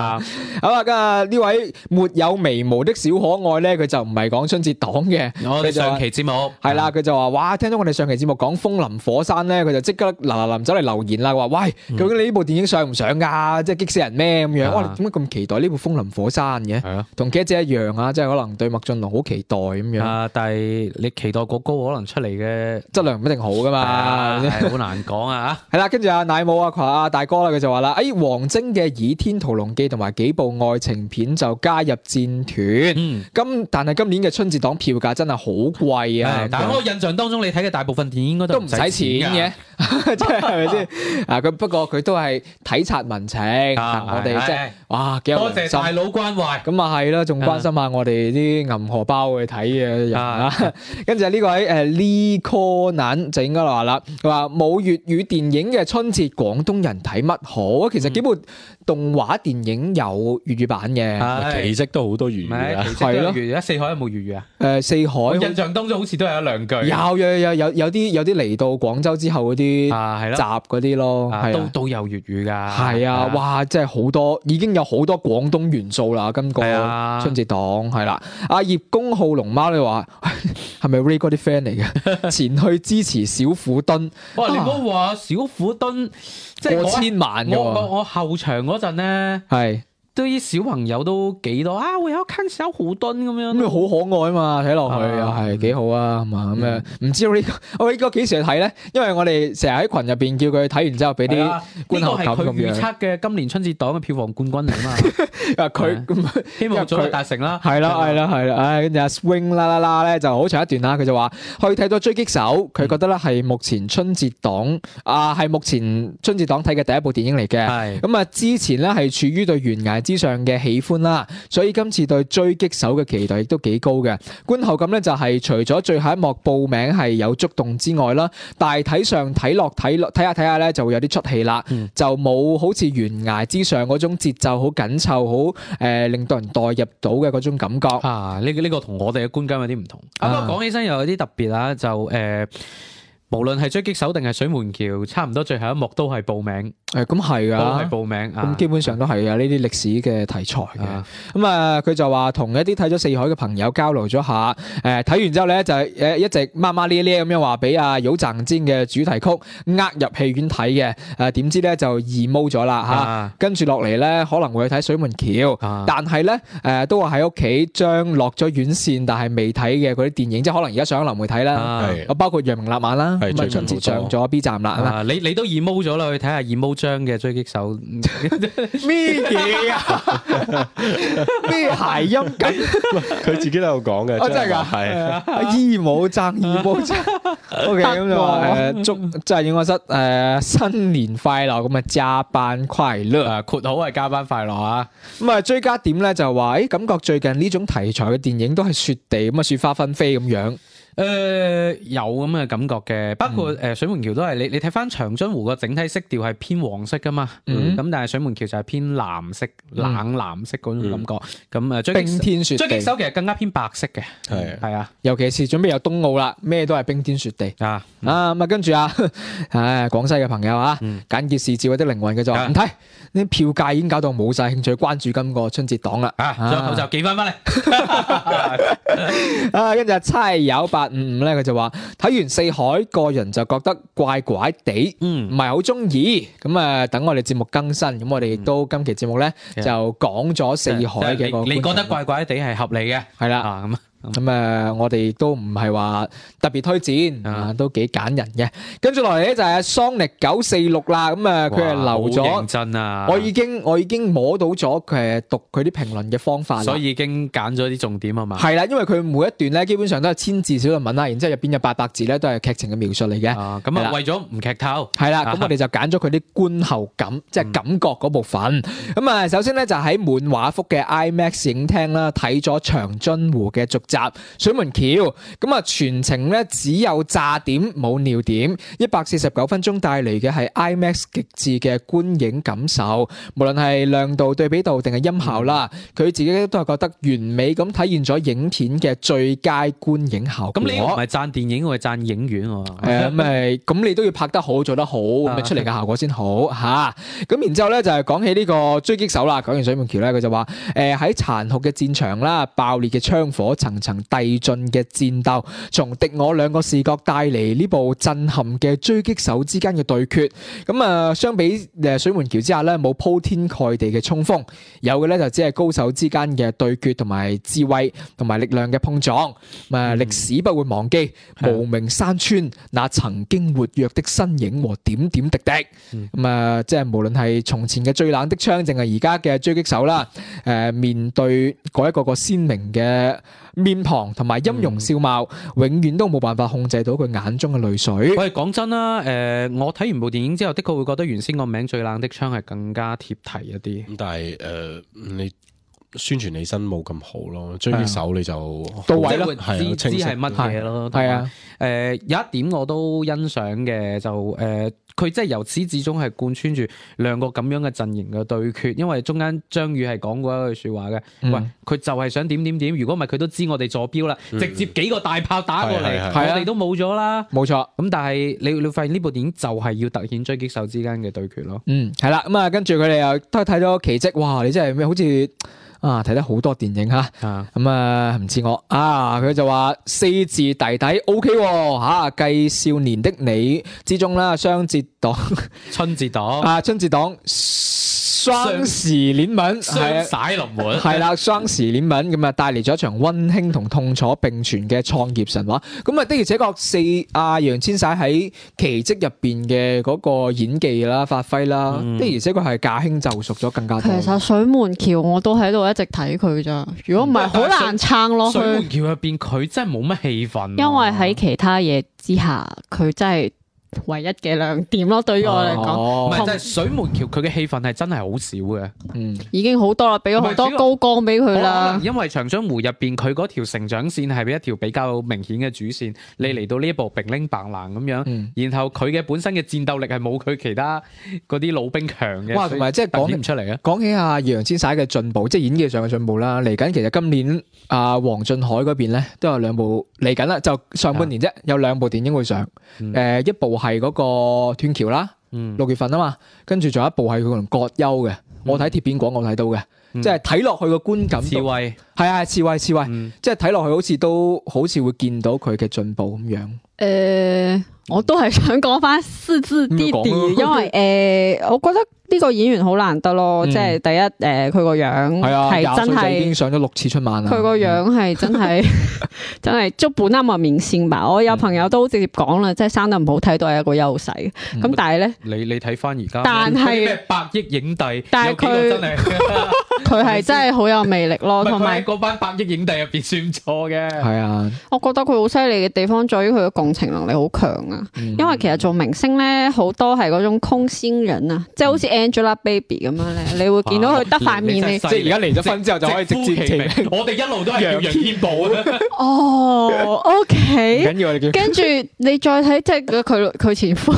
好啊，今日呢位沒有眉毛的小可愛咧，佢就唔係講春節檔嘅，我哋上期節目係啦，佢就話哇，聽到我哋上期節目講《風林火山》咧，佢就即刻嗱嗱淋走嚟留言啦。佢話喂，究竟你呢部電影上唔上噶？即係激死人咩咁樣？哇，點解咁期待呢部《風林火山》嘅？係啊，同姐姐一樣啊，即係可能對麥浚龍好期待咁樣啊。但係你期待過高，可能出嚟嘅質量唔一定好噶嘛。好難講啊！係啦，跟住阿奶母啊，佢啊大哥啦，佢就話啦：，哎，王晶嘅《倚天屠龍記》同埋幾部愛情片就加入戰團。嗯，咁但係今年嘅春節檔票價真係好貴啊！但係我印象當中，你睇嘅大部分電影應該都唔使錢嘅，即係係咪先？啊，佢不過佢都係體察民情。我哋即係哇，幾多謝大佬關懷。咁啊係啦，仲關心下我哋啲銀荷包去睇嘅人啊。跟住呢個喺誒 Lee Cornell 就應該話啦，佢話。冇粵語電影嘅春節，廣東人睇乜好？其實基本動畫電影有粵語版嘅，奇蹟、嗯、都好多粵語啦，係咯。一、啊、四海有冇粵語啊？誒、呃，四海印象當中好似都有一兩句。有有有有有啲有啲嚟到廣州之後嗰啲啊，係咯，集嗰啲咯，都的都有粵語㗎。係啊的，的哇！即係好多，已經有好多廣東元素啦。今個春節檔係啦，阿、啊、葉公好龍貓你話係咪 Ray 哥啲 friend 嚟嘅？前去支持小虎墩。 哇！你唔好話小虎蹲，即係過千萬嘅，我我，我後場嗰陣呢？係。對小朋友都幾多啊，會有一小看手吧虎墩咁樣，咁咪好可愛啊嘛，睇落去又係幾好啊，咁啊唔知道呢、這個我呢個幾時去睇咧？因為我哋成日喺群入邊叫佢睇完之後俾啲觀後感，咁佢預測嘅今年春節檔嘅票房冠軍嚟啊嘛，佢希望早日達成啦，係啦，係啦，係啦，跟住 swing 啦啦啦咧就好長一段啦，佢就話可以睇到狙擊手，佢覺得咧係目前春節檔、嗯、啊係目前春節檔睇嘅第一部電影嚟嘅，咁啊之前咧係處於對懸崖之上嘅喜歡啦，所以今次對狙擊手嘅期待亦都幾高嘅。觀後感咧就係除咗最後一幕報名係有觸動之外啦，大體上睇落睇落睇下睇下咧就會有啲出氣啦，嗯、就冇好似懸崖之上嗰種節奏好緊湊，好誒、呃、令到人代入到嘅嗰種感覺啊。呢、這個呢個同我哋嘅觀感有啲唔同。不過啊，講起身又有啲特別啦，就誒。呃無論係狙擊手定係水門橋，差唔多最後一幕都係報名。誒、嗯，咁係噶，都係報名。咁基本上都係有呢啲歷史嘅題材嘅。咁啊，佢就話同一啲睇咗四海嘅朋友交流咗下。誒，睇完之後咧就誒一直麻麻咧咧咁樣話俾阿尹振堅嘅主題曲呃，入戲院睇嘅。誒、啊，點知咧就二冇咗啦吓。跟住落嚟咧可能會去睇水門橋，啊、但係咧誒都話喺屋企將落咗院線但係未睇嘅嗰啲電影，即係可能而家上咗流媒體啦。啊，的包括《揚名立萬》啦。唔係直接上咗 B 站啦，你你都二毛咗啦，去睇下二毛張嘅《狙擊手》咩 嘢啊？咩諧音梗？佢自己喺度講嘅，真係噶，係二毛張，二毛張。O K，咁就誒祝，即係映畫室誒、呃、新年快樂，咁啊加班快樂啊，括號係加班快樂啊。咁啊追加點咧就話，誒、欸、感覺最近呢種題材嘅電影都係雪地咁啊雪花紛飛咁樣。誒，有咁嘅感覺嘅，包括誒水門橋都係，你你睇翻長津湖個整體色調係偏黃色噶嘛，咁但係水門橋就係偏藍色，冷藍色嗰種感覺，咁啊，冰天雪，狙擊手其實更加偏白色嘅，係係啊，尤其是準備有冬奧啦，咩都係冰天雪地啊啊，咁啊跟住啊，誒，廣西嘅朋友啊，簡潔事照或者靈魂嘅就唔睇，呢啲票價已經搞到冇晒興趣關注今個春節檔啦，啊，最後就寄翻翻嚟，啊，跟住差友八五五咧，佢就話睇完四海，個人就覺得怪怪地，唔係好中意。咁啊，等我哋節目更新。咁我哋亦都今期節目咧就講咗四海嘅，嗯嗯嗯嗯，你，你覺得怪怪哋係合理嘅，係啦咁啊咁誒，我哋都唔係話特別推薦，啊，都幾揀人嘅。跟住落嚟咧就係 Sony 九四六啦，咁誒佢係留咗，好認真啊！我已經我已經摸到咗係讀佢啲評論嘅方法，所以已經揀咗啲重點啊嘛。係啦，因為佢每一段咧基本上都係千字小論文啦，然之後入邊有八百字咧都係劇情嘅描述嚟嘅。哦，咁啊為咗唔劇透，係啦，咁我哋就揀咗佢啲觀後感，即係感覺嗰部分。咁啊，首先咧就喺滿畫幅嘅 IMAX 影廳啦，睇咗長津湖嘅續集水門橋咁啊，全程咧只有炸點冇尿點，一百四十九分鐘帶嚟嘅係 IMAX 極致嘅觀影感受。無論係亮度對比度定係音效啦，佢自己都係覺得完美咁體現咗影片嘅最佳觀影效果。咁你唔係讚電影，我係讚影院，啊。誒 、呃，咁你都要拍得好，做得好，咪出嚟嘅效果先好吓。咁然之後咧就係講起呢個狙擊手啦。講完水門橋咧，佢就話誒喺殘酷嘅戰場啦，爆裂嘅槍火層 層遞進嘅戰鬥，從敵我兩個視角帶嚟呢部震撼嘅狙擊手之間嘅對決。咁、呃、啊，相比誒，水門橋之下呢，冇鋪天蓋地嘅衝鋒，有嘅呢就只係高手之間嘅對決，同埋智慧同埋力量嘅碰撞。咁啊，歷史不會忘記無名山村那曾經活躍的身影和點點滴滴。咁、呃、啊，即係無論係從前嘅最冷的槍，淨係而家嘅狙擊手啦。誒、呃，面對嗰一個個鮮明嘅。面龐同埋音容笑貌，嗯、永遠都冇辦法控制到佢眼中嘅淚水。喂，我哋講真啦，誒，我睇完部電影之後，的確會覺得原先個名《最冷的槍》係更加貼題一啲。咁但係誒、呃，你。宣傳起身冇咁好咯，狙擊手你就到位咯，知知係乜嘢咯。係啊，誒有一點我都欣賞嘅就誒，佢即係由始至終係貫穿住兩個咁樣嘅陣營嘅對決，因為中間張宇係講過一句説話嘅，喂佢就係想點點點，如果唔係佢都知我哋坐標啦，直接幾個大炮打過嚟，我哋都冇咗啦，冇錯。咁但係你你發現呢部電影就係要突顯狙擊手之間嘅對決咯，嗯，係啦。咁啊，跟住佢哋又都睇咗奇蹟，哇！你真係咩好似～啊，睇得好多電影哈，咁啊唔似我啊，佢、嗯啊、就話四字弟弟 O K 喎，嚇、OK 啊《繼少年的你》之中啦，雙節檔，春節檔啊，春節檔。雙時連吻，雙洗龍門，係啦是，雙時連吻咁啊，帶嚟咗一場溫馨同痛楚並存嘅創業神話。咁啊、嗯，的而且確四阿楊千璽喺奇蹟入邊嘅嗰個演技啦、發揮啦，的而且確係駕輕就熟咗更加多。其實水門橋我都喺度一直睇佢咋，如果唔係好難撐落去。水門橋入邊佢真係冇乜氣氛，啊。因為喺其他嘢之下，佢真係。唯一嘅亮點咯，對於我嚟講，係就係水門橋佢嘅戲份係真係好少嘅，嗯，已經好多啦，俾咗好多高光俾佢啦。因為長津湖入邊佢嗰條成長線係一條比較明顯嘅主線，你嚟到呢部 bling bling 咁樣，然後佢嘅本身嘅戰鬥力係冇佢其他嗰啲老兵強嘅。哇，同埋即係講唔出嚟啊。講起阿楊千璽嘅進步，即係演技上嘅進步啦，嚟緊其實今年阿王俊凱嗰邊咧都有兩部嚟緊啦，就上半年啫有兩部電影會上，誒一部，係嗰個斷橋啦，六月份啊嘛，跟住仲有一部係佢同葛優嘅，我睇貼片廣告睇到嘅，即係睇落去個觀感。刺蝟、嗯。嗯係啊，刺蝟，刺蝟，即係睇落去好似都好似會見到佢嘅進步咁樣。誒，我都係想講翻四字弟弟，因為誒，我覺得呢個演員好難得咯。即係第一，誒，佢個樣係啊，廿歲就已經上咗六次春晚啦。佢個樣係真係真係足本啱阿面線吧？我有朋友都直接講啦，即係生得唔好睇都係一個優勢。咁但係咧，你你睇翻而家，但係百億影帝，但係佢佢係真係好有魅力咯，同埋。嗰班百億影帝入邊算唔錯嘅，係啊。我覺得佢好犀利嘅地方，在於佢嘅共情能力好強啊。嗯、因為其實做明星咧，好多係嗰種空先人啊，嗯、即係好似 Angelababy 咁樣咧，你會見到佢得塊面嚟。啊、你你即係而家離咗婚之後就可以直呼其名。我哋一路都叫天係叫楊天寶啦。哦，OK。唔緊要，跟住你再睇，即係佢佢前夫，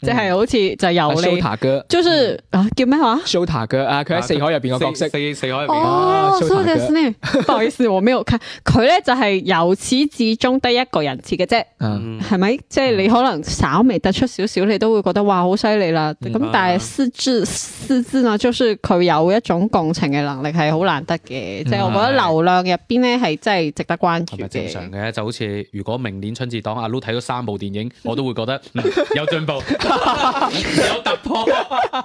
即、就、係、是、好似就由你。啊、就是叫咩話？Showta 哥啊，佢喺、啊啊《四海》入邊個角色。四海入邊啊 Showta 嘅 name 不好意思，我未有卡佢咧，就係由始至終得一個人設嘅啫，係咪、嗯？即係、就是、你可能稍微突出少少，你都會覺得哇好犀利啦。咁、嗯、但係施之施之那 j o 佢有一種共情嘅能力係好難得嘅，嗯、即係我覺得流量入邊咧係真係值得關注嘅。係咪正常嘅就好似如果明年春節檔阿 Loo 睇咗三部電影，我都會覺得、嗯、 有進進步， 有突破、啊。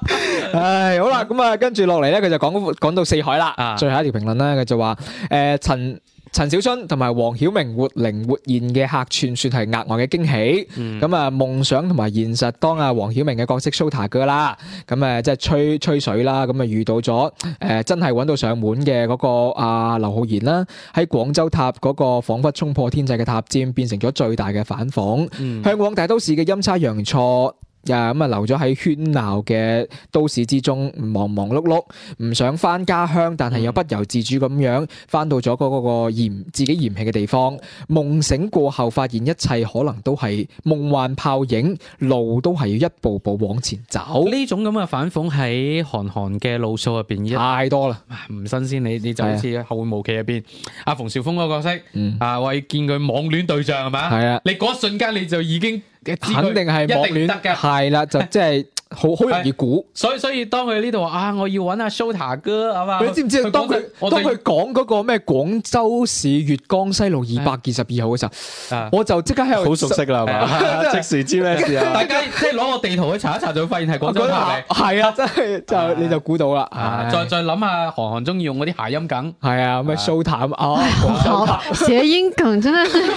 唉、 哎，好啦，咁啊，跟住落嚟咧，佢就講講到四海啦， 最後一條評論咧，佢就話。誒，陳陳、呃、小春同埋黃曉明活靈活現嘅客串算係額外嘅驚喜。咁啊、嗯，夢、呃、想同埋現實，當阿黃曉明嘅角色蘇打哥啦，咁、呃、啊即係吹吹水啦。咁啊遇到咗誒、呃，真係揾到上門嘅嗰、那個阿劉、呃、浩然啦、啊，喺廣州塔嗰個仿佛衝破天際嘅塔尖，變成咗最大嘅反諷。向往、嗯、大都市嘅陰差陽錯。呀咁啊，留咗喺喧鬧嘅都市之中，忙忙碌碌，碌，唔想翻家鄉，但係又不由自主咁樣翻到咗嗰個個嫌自己嫌棄嘅地方。夢醒過後，發現一切可能都係夢幻泡影，路都係要一步步往前走。呢種咁嘅反諷喺韓寒嘅路數入邊，太多啦，唔、啊、新鮮。你你就好似後會無期入邊阿馮紹峰嗰個角色，啊、嗯，我見佢網戀對象係咪？係啊，的你嗰一瞬間你就已經。肯定係冇，係啦，就即係。 好好容易估，所以所以當佢呢度話啊，我要揾阿 Sota 哥啊嘛，你知唔知當佢當佢講嗰個咩廣州市閱江西路二百二十二號嘅時候，anız, 呃、我就即刻喺度好熟悉啦嘛，即時知咩事？大家即係攞個地圖去查一查，就發現係廣州塔嚟，係啊，真係就你就估到啦。再再諗下，韓寒中意用嗰啲諧音梗，係啊，咩 Sota 啊，諧音梗真係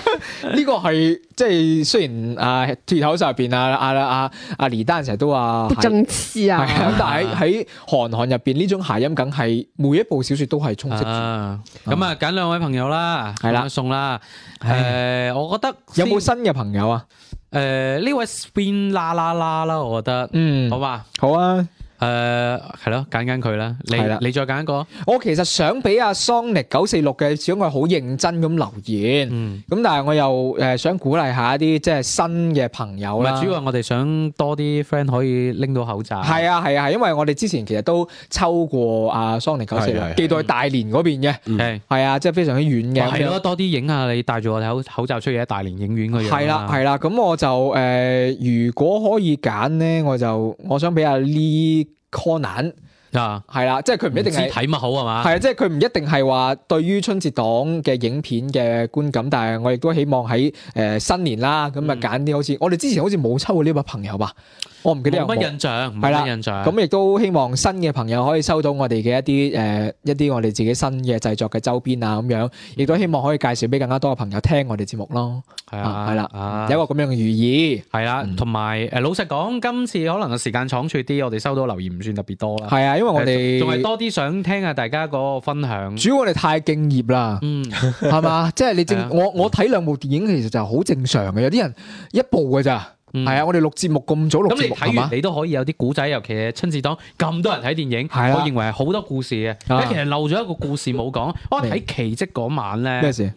呢個係即係雖然啊，脫口秀入邊啊阿阿啊，李丹成日都話。好正啊！係啊，但係喺韓寒入邊呢種諧音梗係每一部小説都係充斥住。咁啊，緊、嗯嗯、兩位朋友啦，係啦的，送啦。誒的、呃，我覺得有冇新嘅朋友啊？誒、呃，呢位 Spin 啦啦啦啦，la, 我覺得，嗯，好嘛吧，好啊。誒，係咯，揀緊佢啦。你你再揀一個。我其實想俾阿 Sony 九四六嘅，主要係好認真咁留言。嗯。咁但係我又誒想鼓勵下一啲即係新嘅朋友啦。主要我哋想多啲 friend 可以拎到口罩。係啊係啊係，因為我哋之前其實都抽過阿 Sony 九四六，寄到去大連嗰邊嘅。係係啊，即係非常之遠嘅。係多啲影下你戴住個口口罩出去。喺大連影院嗰樣。係啦係啦，咁我就誒，如果可以揀呢，我就我想俾阿李。困難啊，係啦，即係佢唔一定係先睇乜好係嘛，係啊，即係佢唔一定係話對於春節檔嘅影片嘅觀感，但係我亦都希望喺誒新年啦，咁啊揀啲好似、嗯、我哋之前好似冇抽過呢位朋友吧。我唔記得有乜印象，係啦。咁亦了都希望新嘅朋友可以收到我哋嘅一啲誒、呃，一啲我哋自己新嘅製作嘅周邊啊，咁樣，亦都希望可以介紹俾更加多嘅朋友聽我哋節目咯。係啊，係啦、啊，啊、有一個咁樣嘅寓意。係啦、啊，同埋誒，老實講，今次可能個時間倉促啲，我哋收到留言唔算特別多啦。係啊，因為我哋仲係多啲想聽下大家個分享。主要我哋太敬業啦，嗯，係嘛吧， 即係你正 我我睇兩部電影，其實就好正常嘅。有啲人一部嘅咋。係 啊，我哋錄節目咁早錄節目噶，咁、嗯嗯、你睇完你都可以有啲古仔，尤其係春節檔咁多人睇電影，啊、我認為係好多故事嘅。你、啊、其實漏咗一個故事冇講。我睇奇迹嗰晚咧，咩事？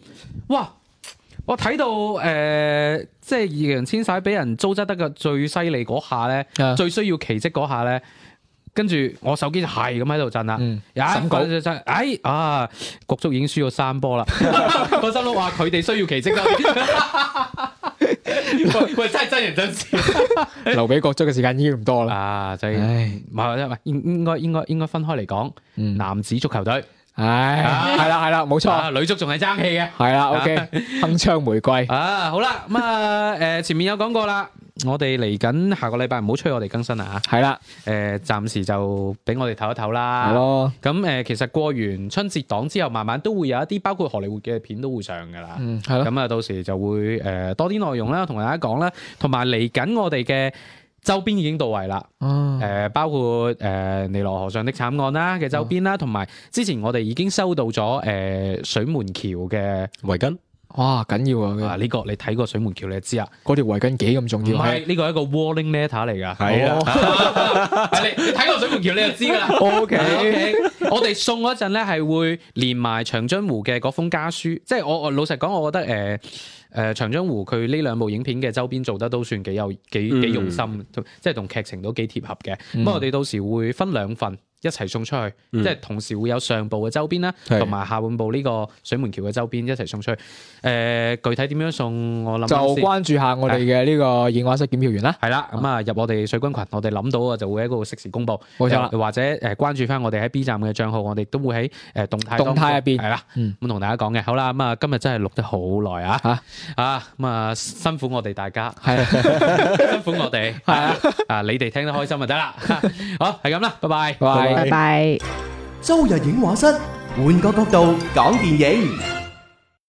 哇！我睇到誒、呃，即係易烊千玺俾人糟質得嘅最犀利嗰下咧，啊、最需要奇蹟嗰下咧，跟住我手機係咁喺度震啦、嗯哎。哎啊，國、啊、足已經輸咗三波啦，我心諗話佢哋需要奇蹟啦。喂真係真人真事，留俾國足嘅時間已經唔多啦，真係。唔係，唔係，應應該應該應該分開嚟講。男子足球隊，唉，係啦係啦，冇錯。女足仲係爭氣嘅，係啦。O K，鏗鏘玫瑰。啊，好啦，咁啊，誒，前面有講過啦。我哋嚟緊下個禮拜唔好催我哋更新啦吓，係啦的，誒、呃，暫時就俾我哋唞一唞啦，係咯的。咁誒，其實過完春節檔之後，慢慢都會有一啲包括荷里活嘅片都會上噶啦，嗯的，係咯。咁啊，到時就會誒多啲內容啦，同大家講啦。同埋嚟緊我哋嘅周邊已經到位啦，嗯，誒，包括誒、呃、尼羅河上的慘案啦嘅周邊啦，同埋、嗯、之前我哋已經收到咗誒、呃、水門橋嘅圍巾。哇，緊要啊！呢個你睇過水門橋你就知啊。嗰條圍巾幾咁重要。係呢個一個 warning letter 嚟噶，係啊，你睇過水門橋你就知噶啦。OK，我哋送嗰陣咧係會連埋長津湖嘅嗰封家書，即係我我老實講，我覺得誒誒長津湖佢呢兩部影片嘅周邊做得都算幾有幾幾用心，嗯，即係同劇情都幾貼合嘅。咁我哋到時會分兩份。一齊送出去，即係同時會有上部嘅周邊啦，同埋下半部呢個水門橋嘅周邊一齊送出去。誒，具體點樣送，我諗就關注下我哋嘅呢個映畫室檢票員啦。係啦，咁啊入我哋水軍群，我哋諗到啊就會喺嗰度適時公佈。冇錯啦，或者誒關注翻我哋喺 B 站嘅賬號，我哋都會喺誒動態動態入邊係啦，咁同大家講嘅。好啦，咁啊今日真係錄得好耐啊，啊咁啊辛苦我哋大家，係辛苦我哋，係啊，啊你哋聽得開心就得啦。好，係咁啦，拜拜，拜。拜拜！周日映畫室，換個角度講電影。